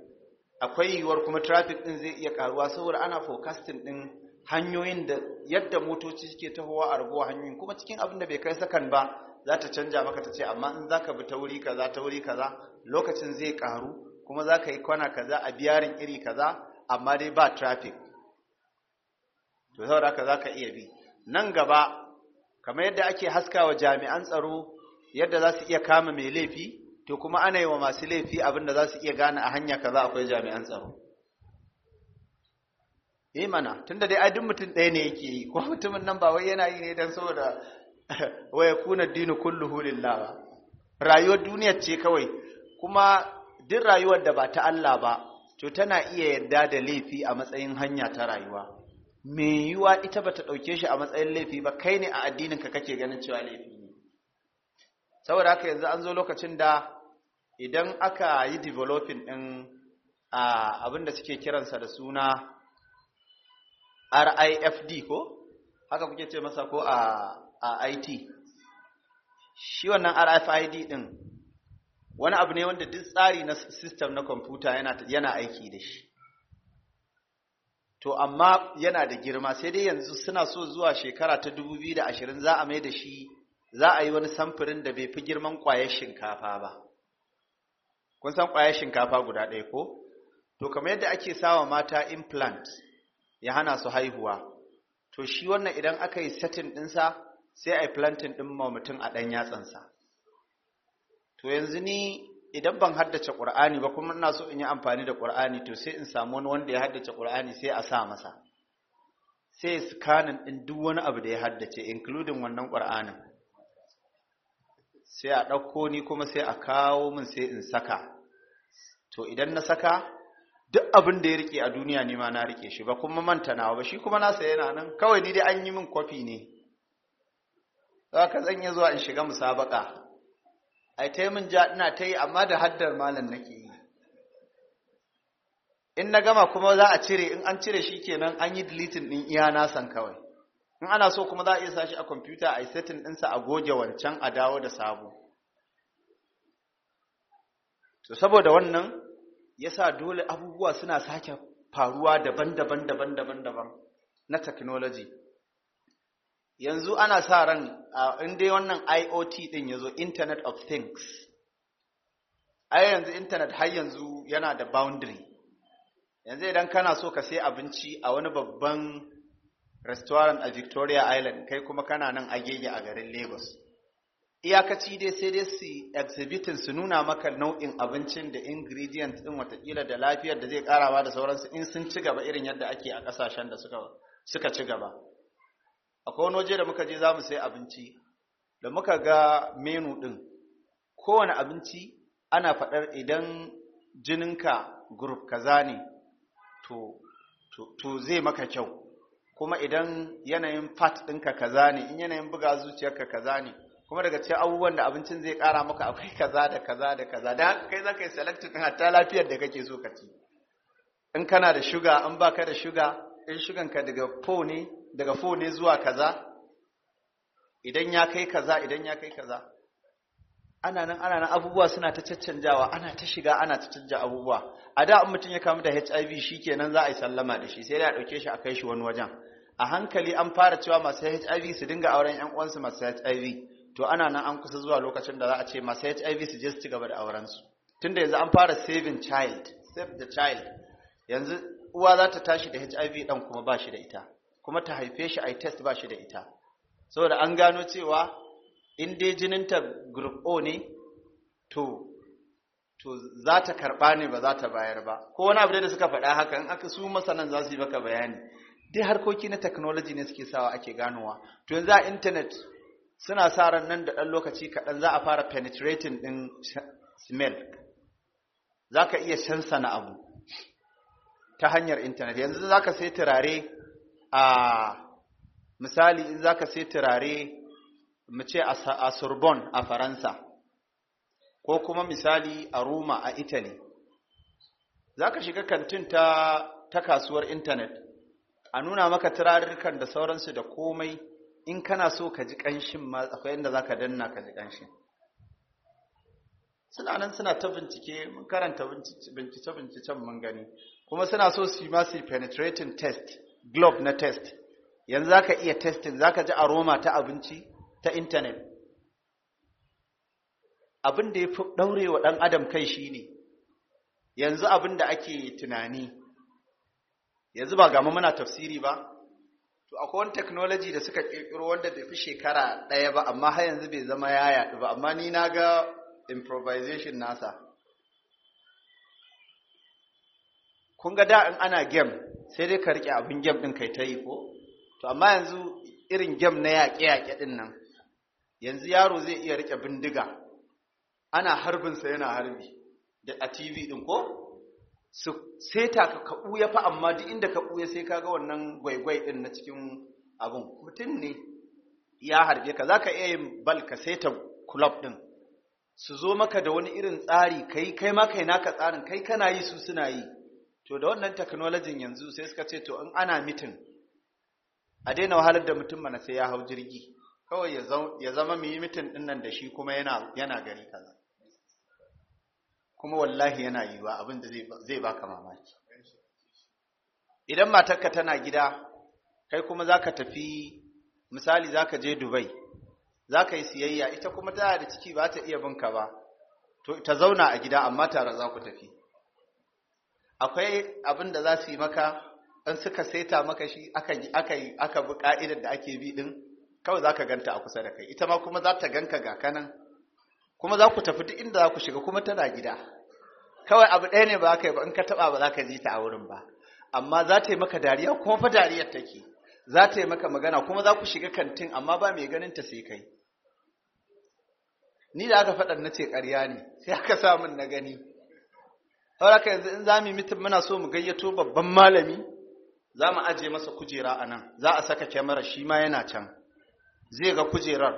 akwai yiwuwar kuma traffic din zai iya karuwa saboda ana forecasting din hanyoyin da yadda motoci suke tahowa a rabuwa hanyoyin kuma cikin abin da bai kai sakan ba za ta canja maka ta ce amma in za ka bi ta wuri kaza ta wuri kaza lokacin zai karu kuma za ka yi kwana kaza a biyarin iri kaza amma dai ba traffic to saboda ka za ka iya bi nan gaba kamar yadda ake wa jami'an tsaro yadda za su iya kama mai laifi to kuma ana yi wa masu laifi abinda za su iya gane a hanya kaza akwai jami'an tsaro Imana, eh mana tunda dai ai duk mutum ɗaya ne yake yi kuma mutumin nan ba wai yana yi ne don saboda wa yakuna dinu kulluhu lillah rayuwar duniya ce kawai kuma duk rayuwar da ba ta Allah ba to tana iya yarda da laifi a matsayin hanya ta rayuwa me yiwa ita bata dauke shi a matsayin laifi ba kai ne a addinin ka kake ganin cewa laifi ne saboda haka yanzu an zo lokacin da idan aka yi developing din abin da suke kiransa da suna RIFD ko haka kuke ce masa ko a a IT shi wannan RFID din wani abu ne wanda duk tsari na system na kwamfuta yana, yana aiki da shi to amma yana da girma sai dai yanzu suna so zuwa shekara ta 2020 za a mai da shi za a yi wani samfurin da bai fi girman ƙwayar shinkafa ba kun san ƙwayar shinkafa guda ɗaya ko to kamar yadda ake sawa mata implant ya hana su haihuwa to shi wannan idan aka yi setting ɗinsa sai a yi plantin ɗin ma mutum a ɗan yatsansa to yanzu ni idan ban haddace ƙur'ani ba kuma ina so in yi amfani da ƙur'ani to sai in samu wani wanda ya haddace ƙur'ani sai a sa masa sai scanning ɗin duk wani abu da ya haddace including wannan ƙur'anin sai a ɗauko ni kuma sai a kawo min sai in saka to idan na saka duk abin da ya rike a duniya ne ma na rike shi ba kuma manta nawa ba shi kuma na yana nan kawai ni dai an yi min kwafi ne ka zan yi zuwa in shiga musabaka ai ta min ja ina ta yi amma da haddar malam nake yi in na gama kuma za a cire in an cire shi kenan an yi deleting din iya nasan kawai in ana so kuma za a iya sa shi a kwamfuta a yi setting ɗinsa a goge wancan a dawo da sabo to saboda wannan ya sa dole abubuwa suna sake faruwa daban-daban daban-daban daban na technology yanzu ana sa ran in dai wannan IoT din yazo Internet of Things ai yanzu internet har yanzu yana da boundary yanzu idan kana so ka sai abinci a wani babban restaurant a Victoria Island kai kuma kana nan gege a garin Lagos iyakaci dai sai dai su exhibiting su nuna maka nau'in abincin da ingredients din watakila da lafiyar da zai karawa da sauransu in sun ci gaba irin yadda ake a kasashen da suka ci gaba akwai wani waje da muka je za mu sai abinci da muka ga menu ɗin kowane abinci ana faɗar idan jininka group kaza ne to, zai maka kyau kuma idan yanayin fat ɗinka kaza ne in yanayin buga zuciyarka kaza ne kuma daga cikin abubuwan da abincin zai ƙara maka akwai kaza da kaza da kaza da kai za ka yi selectin ɗin hatta lafiyar da kake so ka ci in kana da shuga an baka da shuga in ka daga po ne daga fo ne zuwa kaza idan ya kai kaza idan ya kai kaza ana nan ana nan abubuwa suna ta caccanjawa ana ta shiga ana ta canja abubuwa a da in mutum ya kamu da HIV shikenan za a yi sallama da shi sai dai a dauke shi a kai shi wani wajen a hankali an fara cewa masu HIV su dinga auren ƴan uwansu masu HIV to ana nan an kusa zuwa lokacin da za a ce masu HIV su je su ci gaba da auren su tunda yanzu an fara saving child save the child yanzu uwa za ta tashi da HIV dan kuma ba shi da ita kuma ta haife shi a yi test ba shi da ita saboda an gano cewa in dai jininta group o ne to to za ta karɓa ne ba za ta bayar ba ko wani abu da suka faɗa haka in aka su masanan za su yi baka bayani dai harkoki na technology ne suke sawa ake ganowa to yanzu a internet suna sa ran nan da ɗan lokaci kaɗan za a fara penetrating ɗin smell za ka iya shansa na abu ta hanyar internet yanzu za ka sai turare a misali in ka sai turare mu ce a Sorbonne a Faransa ko kuma misali a Roma a Italy ka shiga kantin ta ta kasuwar intanet, a nuna maka turarurrukan da sauransu da komai in kana so ka ji kanshin ma akwai inda ka danna ka ji kanshin suna nan suna ta bincike mun karanta bincike bincike mun gani kuma suna so su yi masu penetrating test globe na test yanzu za ka iya testin za ka ji aroma ta abinci ta intanet abin da ya fi ɗaure wa ɗan adam kai shi ne yanzu abin da ake tunani yanzu ba gama muna tafsiri ba to akwai wani technology da suka ƙirƙiro wanda bai fi shekara ɗaya ba amma har yanzu bai zama ya yaɗu ba amma ni na ga improvisation nasa kun ga da in ana game sai dai ka rike abin game din kai ta yi ko to amma yanzu irin game na yaƙe-yaƙe din nan yanzu yaro zai iya rike bindiga ana harbin harbinsa yana harbi da a TV din ko su ta ka kabu ɓuya fa amma duk inda ka ɓuya sai ka ga wannan gwaigwai din na cikin abin mutum ne ya harbe ka za iya yin bal ka saita club din? su zo maka da wani irin tsari kai kai ma kai naka tsarin kai kana yi su suna yi to da wannan technology yanzu sai suka ce to in ana mitin a daina wahalar da mutum mana sai ya hau jirgi kawai ya zama mu yi mitin din nan da shi kuma yana gani kaza kuma wallahi yana yiwa abin da zai baka mamaki idan matarka tana gida kai kuma zaka tafi misali zaka je Dubai zaka yi siyayya ita kuma tana da ciki ba ta iya binka ba to ta zauna a gida amma tare za ku tafi akwai abin da za su yi maka in suka saita maka shi aka yi aka bi ka'idar da ake bi din kawai za ka ganta a kusa da kai ita ma kuma za ta ganka ga kanan kuma za ku tafi duk inda za ku shiga kuma tana gida kawai abu ɗaya ne ba ka yi ba in ka taɓa ba za ka ji ta a wurin ba amma za ta yi maka dariya kuma fa dariyar take za ta yi maka magana kuma za ku shiga kantin amma ba mai ganin ta sai kai ni da aka faɗa na ce ƙarya ne sai aka samun na gani saboda yanzu in za mu yi mitin muna so mu gayyato babban malami za mu aje masa kujera a nan za a saka kyamara shi ma yana can zai ga kujerar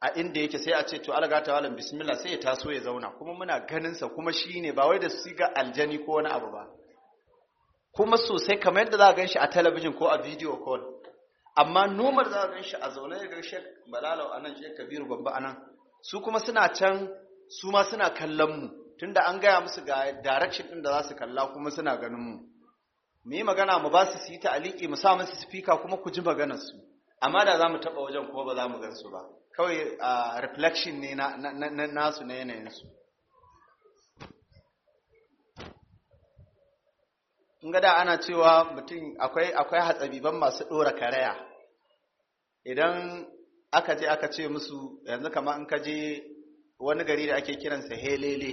a inda yake sai a ce to alga ta walan bismillah sai ya taso ya zauna kuma muna ganin sa kuma ne ba wai da su ga aljani ko wani abu ba kuma sosai kamar yadda za a ganshi a talabijin ko a video call amma numar za a ganshi a zaune ya ga shek Balalau anan Sheikh Kabiru babba anan su kuma suna can su ma suna kallon mu tunda an gaya musu ga direction din da za su kalla kuma suna ganin mu mu magana mu ba su su yi aliki mu sa musu speaker kuma ku ji maganar su amma da za mu taɓa wajen kuma ba za mu gan su ba kawai reflection ne na nasu na yanayin su in ga da ana cewa mutum akwai akwai hatsabiban masu ɗora karaya idan aka je aka ce musu yanzu kama in ka je wani gari da ake kiransa helele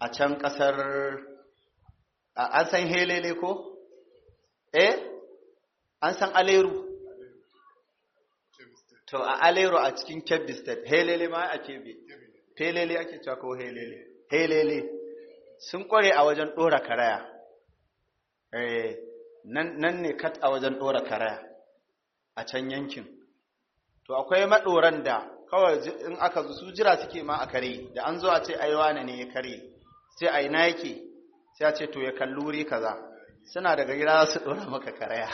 a can ƙasar an san helele ko? eh an san aleru to a aleru a cikin kebbi state helele ma a kebbi helele ake cewa ko helele helele sun kware a wajen ɗora karaya eh nan ne kat a wajen ɗora karaya a can yankin to akwai maɗoran da kawai in aka su jira suke ma a kare da an zo a ce aiwa ne ya kare sai a ina yake sai a ce to ya kalli wuri kaza suna daga gida su dora maka karaya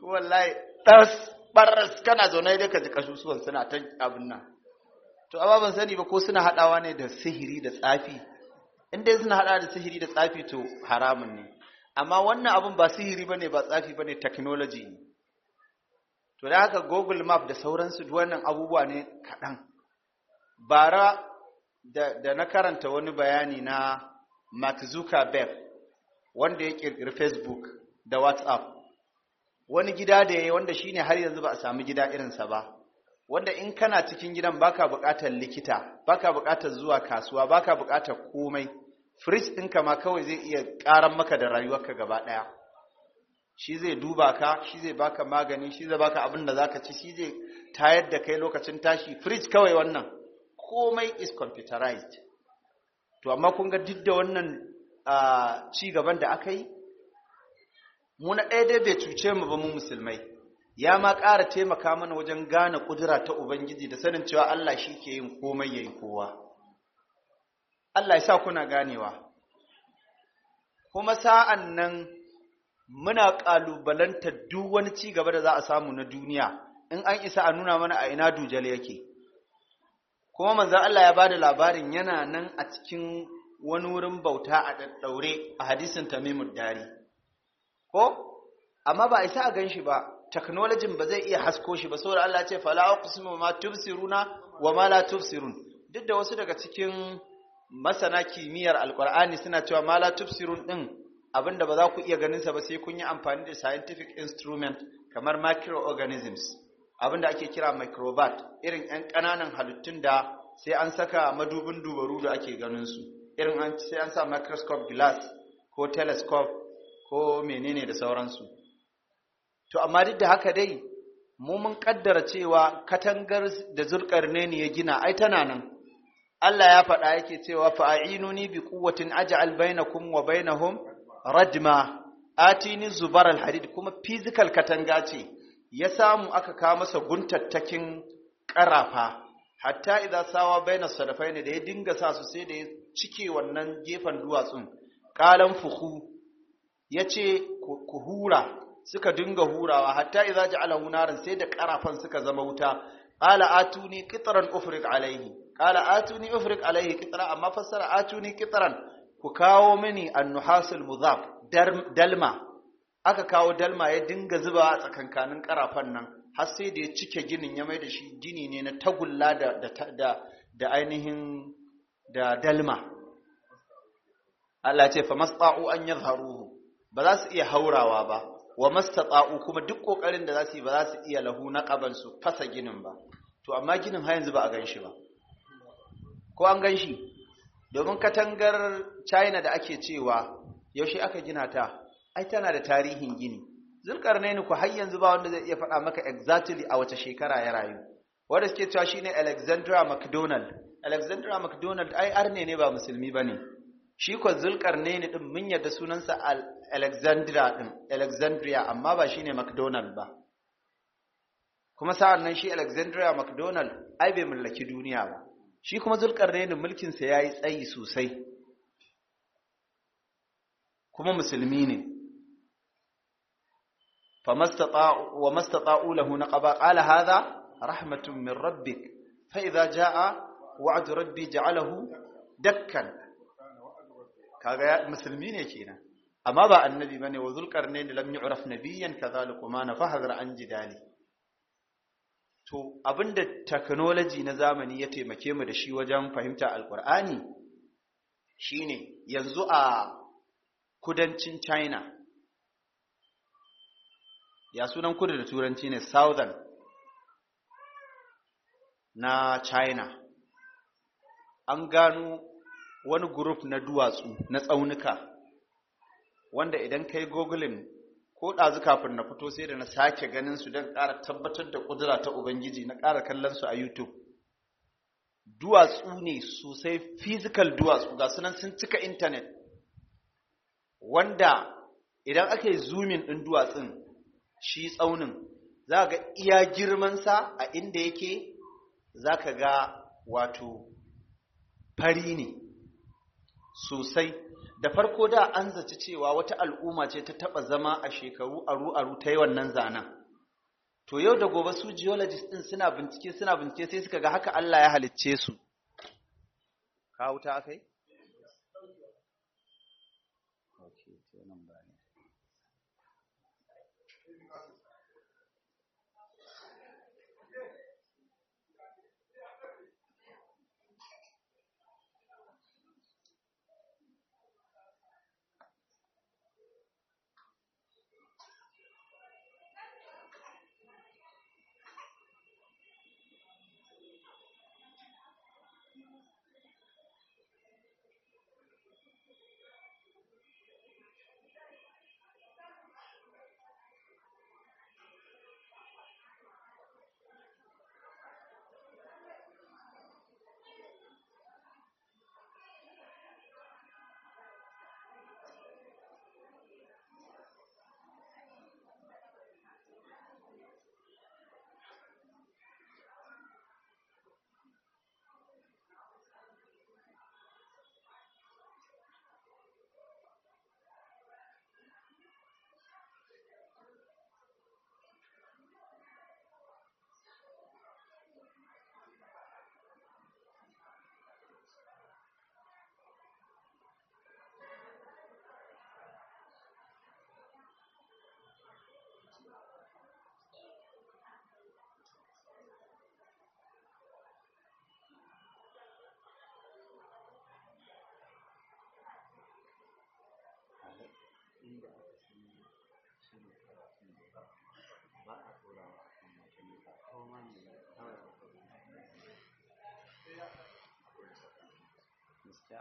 wallahi ɗas ɓaras kana zaune dai ka ji suwan suna ta abin nan to ababen sani ba ko suna haɗawa ne da sihiri da tsafi in dai suna haɗawa da sihiri da tsafi to haramun ne amma wannan abin ba sihiri bane ba tsafi bane technology ne to da haka google map da sauransu wannan abubuwa ne kaɗan bara da na karanta wani bayani na Mark Zuckerberg wanda ya kirkiri Facebook da WhatsApp wani gida da yayi wanda shi ne har yanzu ba a sami gida irinsa ba wanda in kana cikin gidan baka buƙatar likita baka buƙatar zuwa kasuwa baka buƙatar komai fridge ɗinka ma kawai zai iya ƙaran maka da rayuwarka gaba ɗaya shi zai duba ka shi zai baka magani shi zai baka abin da zaka ci shi zai tayar da kai lokacin tashi fridge kawai wannan komai is computerized to amma kun ga duk da wannan ci gaban da aka yi mu na ɗaya dai bai cuce mu ba mu musulmai ya ma ƙara taimaka mana wajen gane ƙudura ta ubangiji da sanin cewa Allah shi ke yin komai ya yi kowa Allah ya sa kuna ganewa kuma sa'an nan muna ƙalubalanta duk wani ci gaba da za a samu na duniya in an isa a nuna mana a ina dujal yake kuma manzan Allah ya bada labarin yana nan a cikin wani wurin bauta a daddaure a hadisin tamimud dari ko amma ba isa a ganshi ba technology ba zai iya hasko shi ba saboda Allah ce fala uqsimu ma tubsiruna wa ma la tubsirun duk da wasu daga cikin masana kimiyyar alqur'ani suna cewa ma la ɗin, din abinda ba za ku iya ganin sa ba sai kun yi amfani da scientific instrument kamar microorganisms abin da ake kira microbat irin 'yan ƙananan halittun da sai an saka madubin dubaru da ake ganinsu irin sai an sa microscope glass ko telescope ko menene da sauransu to amma duk da haka dai mu mun kaddara cewa katangar da zurƙar ne ya gina ai tana nan Allah ya faɗa yake cewa fa'inuni bi quwwatin aj'al bainakum wa bainahum Radma, atini zubar al-hadid kuma physical katanga ce ya samu aka kawo masa guntattakin ƙarafa hatta idan sawa baina sadafai ne da ya dinga sa su sai da ya cike wannan gefen duwatsun ƙalan fuhu ya ce ku hura suka dinga hurawa hatta idan ala naran sai da ƙarafan suka zama wuta qala atuni qitran ufrik alaihi qala atuni ufrik alaihi qitra amma fassara atuni qitran ku kawo mini annuhasul mudhaf dalma aka kawo dalma ya dinga zuba a tsakankanin karafan nan har sai da ya cike ginin ya mai da shi gini ne na tagulla da ainihin da dalma Allah ce fa masta'u an yadhharuhu ba za su iya haurawa ba wa mastata'u kuma duk kokarin da za su yi ba za su iya lahu na qaban su fasa ginin ba to amma ginin har yanzu ba a ganshi ba ko an ganshi domin katangar China da ake cewa yaushe aka gina ta ai tana da tarihin gini zulkarnaini ku har yanzu ba wanda zai iya faɗa maka exactly a wace shekara ya rayu wanda suke cewa shine Alexandra MacDonald Alexandra MacDonald ai arne ne ba musulmi bane shi ko zulkarnaini din mun yarda sunansa Alexandra din Alexandria amma ba shine MacDonald ba kuma sa'an nan shi alexandra MacDonald ai bai mallaki duniya ba shi kuma zulkarnaini mulkin sa yayi tsayi sosai kuma musulmi ne وما استطاعوا له نقبا قال هذا رحمة من ربك فإذا جاء وعد ربي جعله دكا كذا مسلمين يكينا أما با النبي من وذو القرنين لم يعرف نبيا كذلك وما نفهر عن جدالي to abinda technology na zamani ya taimake mu da shi wajen fahimta alkur'ani shine yanzu a kudancin China ya sunan kudu da turanci ne southern na china an gano wani group na duwatsu na tsaunuka wanda idan kai gogulin ko ɗazu kafin na fito sai da na sake ganin su don ƙara tabbatar da ƙudura ta ubangiji na ƙara kallon su a youtube duwatsu ne sosai physical duwatsu ga sunan sun cika intanet wanda idan aka yi zoomin ɗin duwatsun shi tsaunin za ga iya girmansa a inda yake za ka ga wato fari ne sosai da farko da an zaci cewa wata al'umma ce ta taɓa zama a shekaru aru-aru ta yi wannan zanen to yau da gobe su geologist ɗin suna bincike suna bincike sai suka ga haka Allah ya halicce su ka wuta akai Yeah.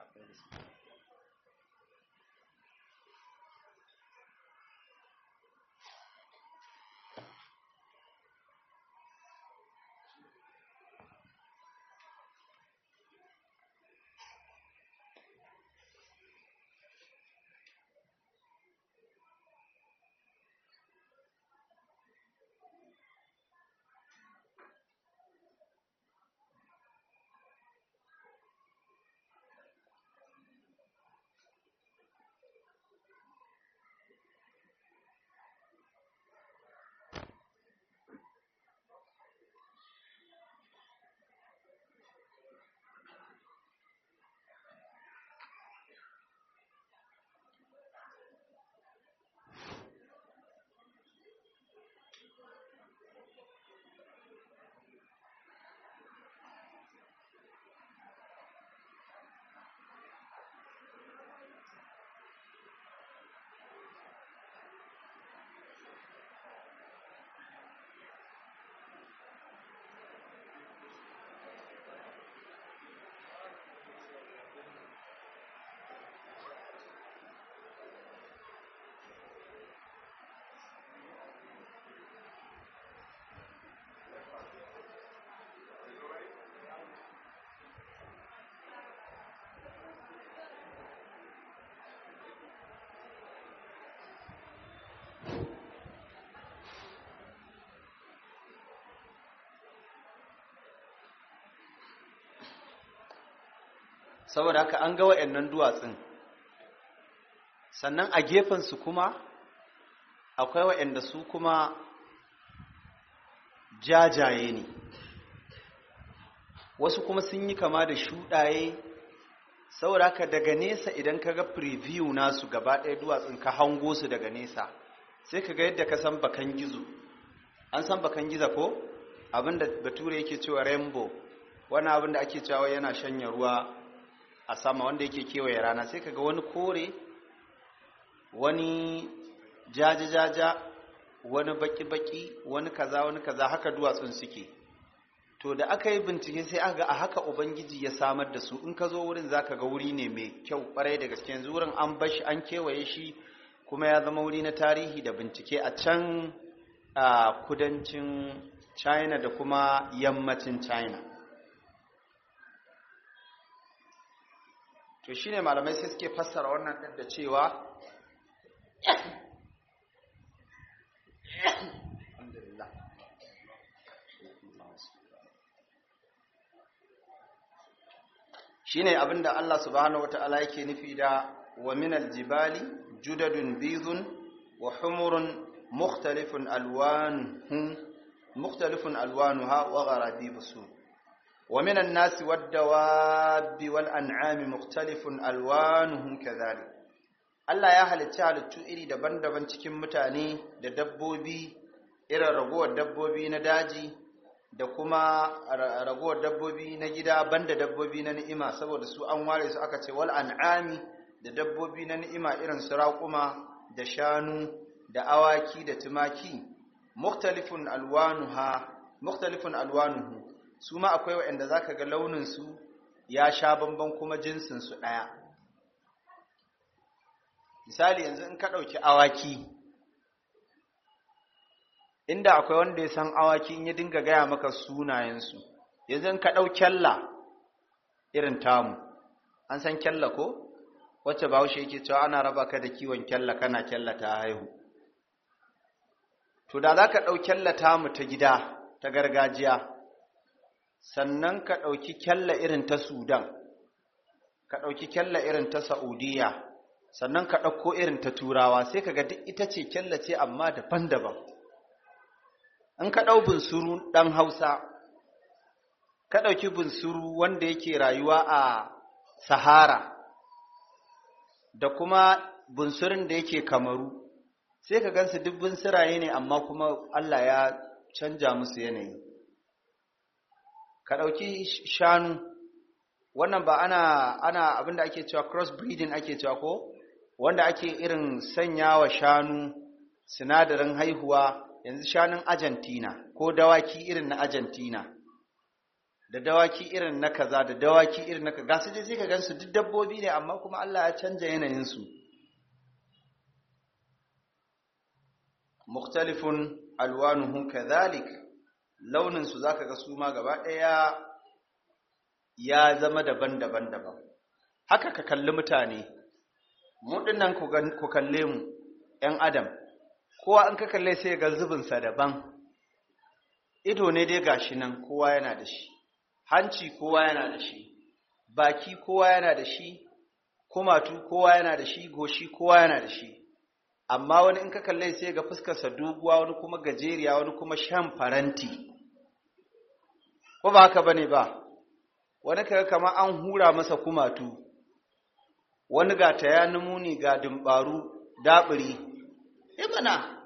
saboda haka an ga wa'annan duwatsun sannan a gefensu kuma akwai wa'anda su kuma jajaye ne wasu kuma sun yi kama da shuɗaye saboda haka daga nesa idan ka ga preview nasu gaba ɗaya duwatsun ka hango su daga nesa sai ka ga yadda ka san bakan gizo an san bakan gizo ko abinda bature yake cewa rainbow wani abinda ake cewa yana shanya ruwa a sama wanda yake kewaye rana sai kaga wani kore wani jaja-jaja wani baki-baki wani kaza wani kaza haka duwatsun suke to da aka yi bincike sai aka ga a haka ubangiji ya samar da su in ka zo wurin za ka ga wuri ne mai kyau kwarai da gaske yanzu wurin an bashi an kewaye shi kuma ya zama wuri na tarihi da bincike a can a kudancin china da kuma yammacin china to ne malamai sai suke fassara wannan din da cewa shi shine abinda Allah subhanahu wataala yake nufi da wa minal jibali judadun bizun wa humurun mukhtalifun alwanuhu mukhtalifun wa ومن الناس والدواب والأنعام مختلف ألوانهم كذلك Allah ya halitta halittu iri daban-daban cikin mutane da dabbobi irin ragowar dabbobi na daji da kuma ragowar dabbobi na gida banda dabbobi na ni'ima saboda su an ware su aka ce wal an'ami da dabbobi na ni'ima irin su raƙuma da shanu da awaki da tumaki muktalifun alwanuha muktalifun alwanuhu su ma akwai waɗanda za ka ga launinsu ya sha bamban kuma jinsinsu ɗaya misali yanzu in ka ɗauki awaki inda akwai wanda ya san awaki in ya dinga gaya maka sunayensu yanzu in ka ɗau kyalla irin tamu an san kyalla ko wacce bahaushe yake cewa ana raba ka da kiwon kyalla kana kyalla ta haihu to da za ka ɗau kyalla tamu ta gida ta gargajiya sannan ka ɗauki kyalla irin ta sudan ka ɗauki kyalla irin ta Saudiyya, sannan ka ɗauko irin ta turawa sai ka ga duk ita ce kyalla ce amma daban-daban in ka ɗau bunsuru ɗan hausa ka ɗauki bunsuru wanda yake rayuwa a sahara da kuma bunsurin da yake kamaru sai ka gansu duk bunsuraye ne amma kuma allah ya canja musu yanayi ka ɗauki shanu wannan ba ana ana abinda ake cewa cross breeding ake cewa ko wanda ake irin sanya wa shanu sinadarin haihuwa yanzu shanun Argentina ko dawaki irin na Argentina da dawaki irin na kaza da dawaki irin na kaza su je sai ka gansu duk dabbobi ne amma kuma Allah ya canja yanayin su mukhtalifun alwanuhum kadhalik launin su zaka ga su ma gaba ɗaya ya zama daban-daban daban haka ka kalli mutane mu dinnan ku kalle mu ‘yan adam kowa in ka kalle sai ga zubinsa daban ido ne dai gashi nan kowa yana da shi hanci kowa yana da shi baki kowa yana da shi kumatu kowa yana da shi goshi kowa yana da shi amma wani in ka kalle sai ga fuskarsa duguwa wani kuma gajeriya wani kuma shan faranti ko ba haka bane ba wani kaga kamar an hura masa kumatu wani ga taya numuni ga dumbaru dabiri imana eh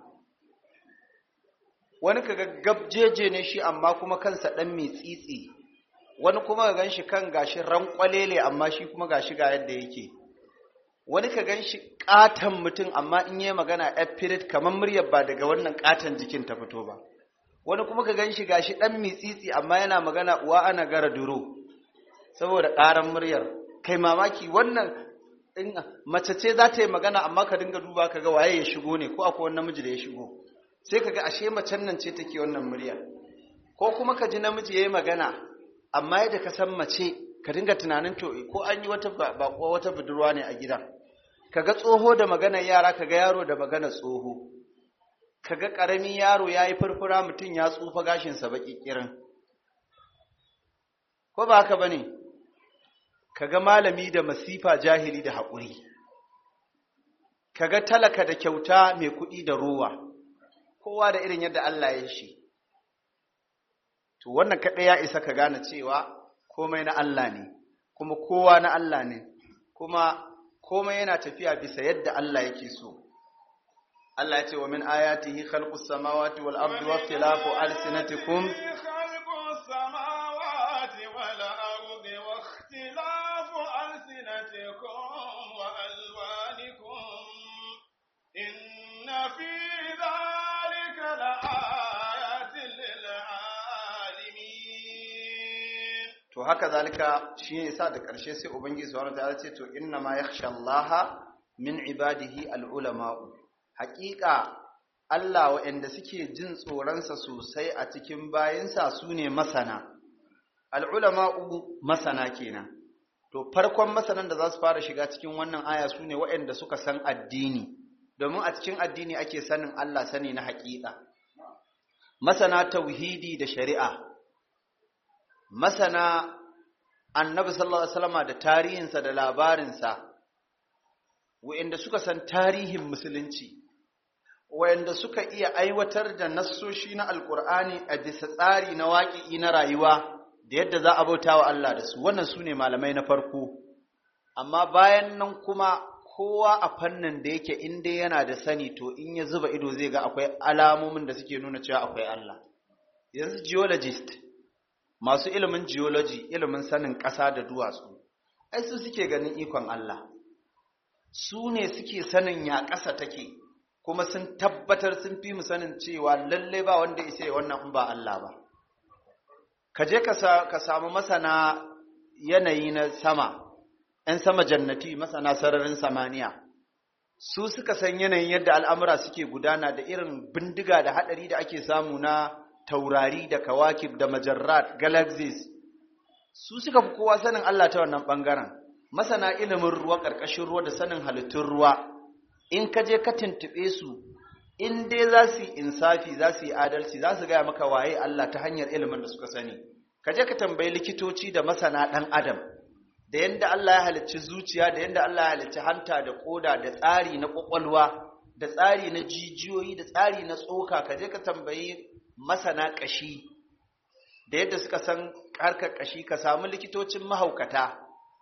wani kaga gabjeje ne shi amma kuma kansa dan mai tsitsi wani kuma ga ganshi kan gashi ran kwalele amma shi kuma gashi ga yadda yake wani ka gan shi ƙaton mutum amma in yi magana epirit kamar muryar ba daga wannan ƙaton jikin ta fito ba wani kuma ka gan shi gashi ɗan mitsitsi amma yana magana uwa ana gara duro saboda ƙaran muryar kai mamaki wannan mace ce za ta yi magana amma ka dinga duba ka ga waye ya shigo ne ko akwai namiji da ya shigo sai ka ga ashe macen nan ce take wannan muryar ko kuma ka ji namiji ya yi magana amma yadda ka san mace ka dinga tunanin to ko an yi wata ba wata budurwa ne a gidan kaga tsoho da maganar yara kaga yaro da maganar tsoho kaga karami yaro ya yi furfura mutum ya tsufa gashinsa baƙi ƙirin ko ba haka ba ne kaga malami da masifa jahili da haƙuri kaga talaka da kyauta mai kuɗi da ruwa, kowa da irin yadda Allah ya shi to wannan kaɗai ya isa ka gane cewa komai na Allah ne kuma kowa na Allah ne kuma komai yana tafiya bisa yadda Allah yake so Allah ya ce wa min ayatihi khalqus samawati wal ardi wa ikhtilafu alsinatikum to haka zalika shi ne sa da ƙarshe sai ubangi subhanahu ta'ala ce to inna ma yakhsha Allah min ibadihi al'ulama'u. haƙiƙa Allah waɗanda suke jin tsoronsa sosai a cikin bayansa su ne masana Al'ulama'u masana kenan to farkon masanan da za su fara shiga cikin wannan aya su ne waɗanda suka san addini domin a cikin addini ake sanin Allah sani na haƙiƙa masana tauhidi da shari'a masana annabi sallallahu alaihi wasallama da tarihinsa da labarinsa wa'inda suka san tarihin musulunci wa'inda suka iya aiwatar da nassoshi na alkur'ani a bisa tsari na waƙi'i na rayuwa da yadda za a bauta wa Allah da su wannan su ne malamai na farko amma bayan nan kuma kowa a fannin da yake inda yana da sani to in ya zuba ido zai ga akwai alamomin da suke nuna cewa akwai Allah yanzu geologist masu ilimin geology ilimin sanin ƙasa da duwatsu ai su suke ganin ikon Allah su ne suke sanin ya ƙasa take kuma sun tabbatar sun fi mu sanin cewa lalle ba wanda isa wannan wannan ba Allah ba ka je ka samu masana yanayi na sama ‘yan sama jannati masana sararin samaniya su suka san yanayin yadda al'amura suke gudana da irin bindiga da haɗari da ake samu na taurari da kawakib da majarrat galaxies su suka fi kowa sanin Allah ta wannan bangaren masana ilimin ruwa karkashin ruwa da sanin halittun ruwa in ka je ka tuntuɓe su in dai za su insafi za su yi adalci za su gaya maka waye Allah ta hanyar ilimin da suka sani ka je ka tambayi likitoci da masana ɗan adam da yadda Allah ya halicci zuciya da yadda Allah ya halicci hanta da koda da tsari na kwakwalwa, da tsari na jijiyoyi da tsari na tsoka ka je ka tambayi masana ƙashi da yadda suka san ƙarka ƙashi ka samu likitocin mahaukata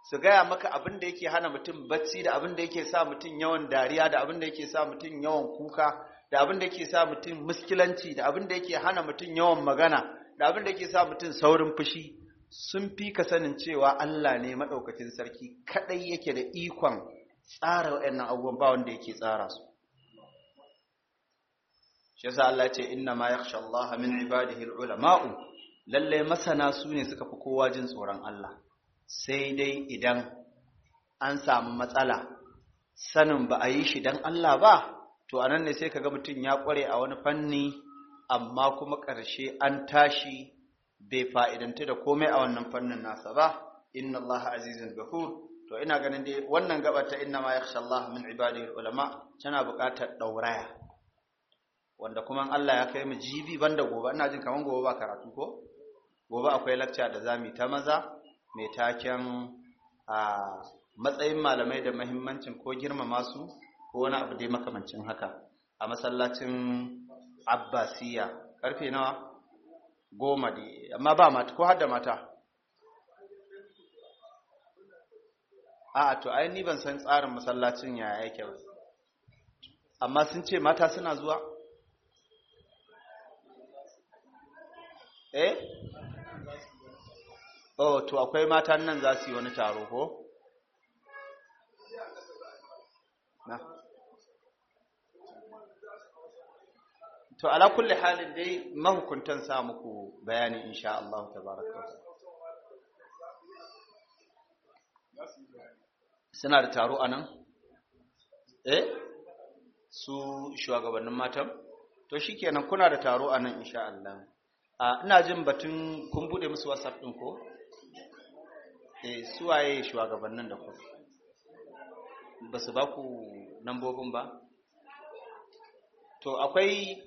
su gaya maka abin da yake hana mutum bacci da abin da yake sa mutum yawan dariya da abin da yake sa mutum yawan kuka da abin da yake sa mutum muskilanci da abin da yake hana mutum yawan magana da abin da yake sa mutum saurin fushi sun fi ka sanin cewa Allah ne maɗaukacin sarki kaɗai yake da ikon tsara waɗannan abubuwan ba wanda yake tsara su shi Allah ce inna ma yakhsha Allah min ibadihi ulama'u lalle masana su suka fi kowa jin tsoron Allah sai dai idan an samu matsala sanin ba a yi shi dan Allah ba to anan ne sai kaga mutum ya kware a wani fanni amma kuma ƙarshe an tashi bai fa'idanta da komai a wannan fannin nasa ba inna Allah azizun ghafur to ina ganin dai wannan gaba ta inna ma yakhsha Allah min ibadihi ulama tana buƙatar dauraya wanda kuma Allah ya kai mu jibi banda gobe ina jin kaman gobe ba karatu ko gobe akwai lecture da zamu ta maza mai taken a matsayin malamai da muhimmancin ko girmama su ko wani abu dai makamancin haka a masallacin Abbasiya karfe nawa goma dai amma ba mata ko hadda mata a'a to ai ni ban san tsarin masallacin yaya yake ba amma sun ce mata suna zuwa eh oh to akwai matan nan za su yi wani taro ko na to ala kulli halin dai mahukuntan sa muku bayani insha Allah tabaraka suna da taro anan eh su shugabannin matan to shikenan kuna da taro anan insha Allah ina jin batun kun bude musu whatsapp din ko eh suwaye shugabannin da ku ba su ba ku nambobin ba to akwai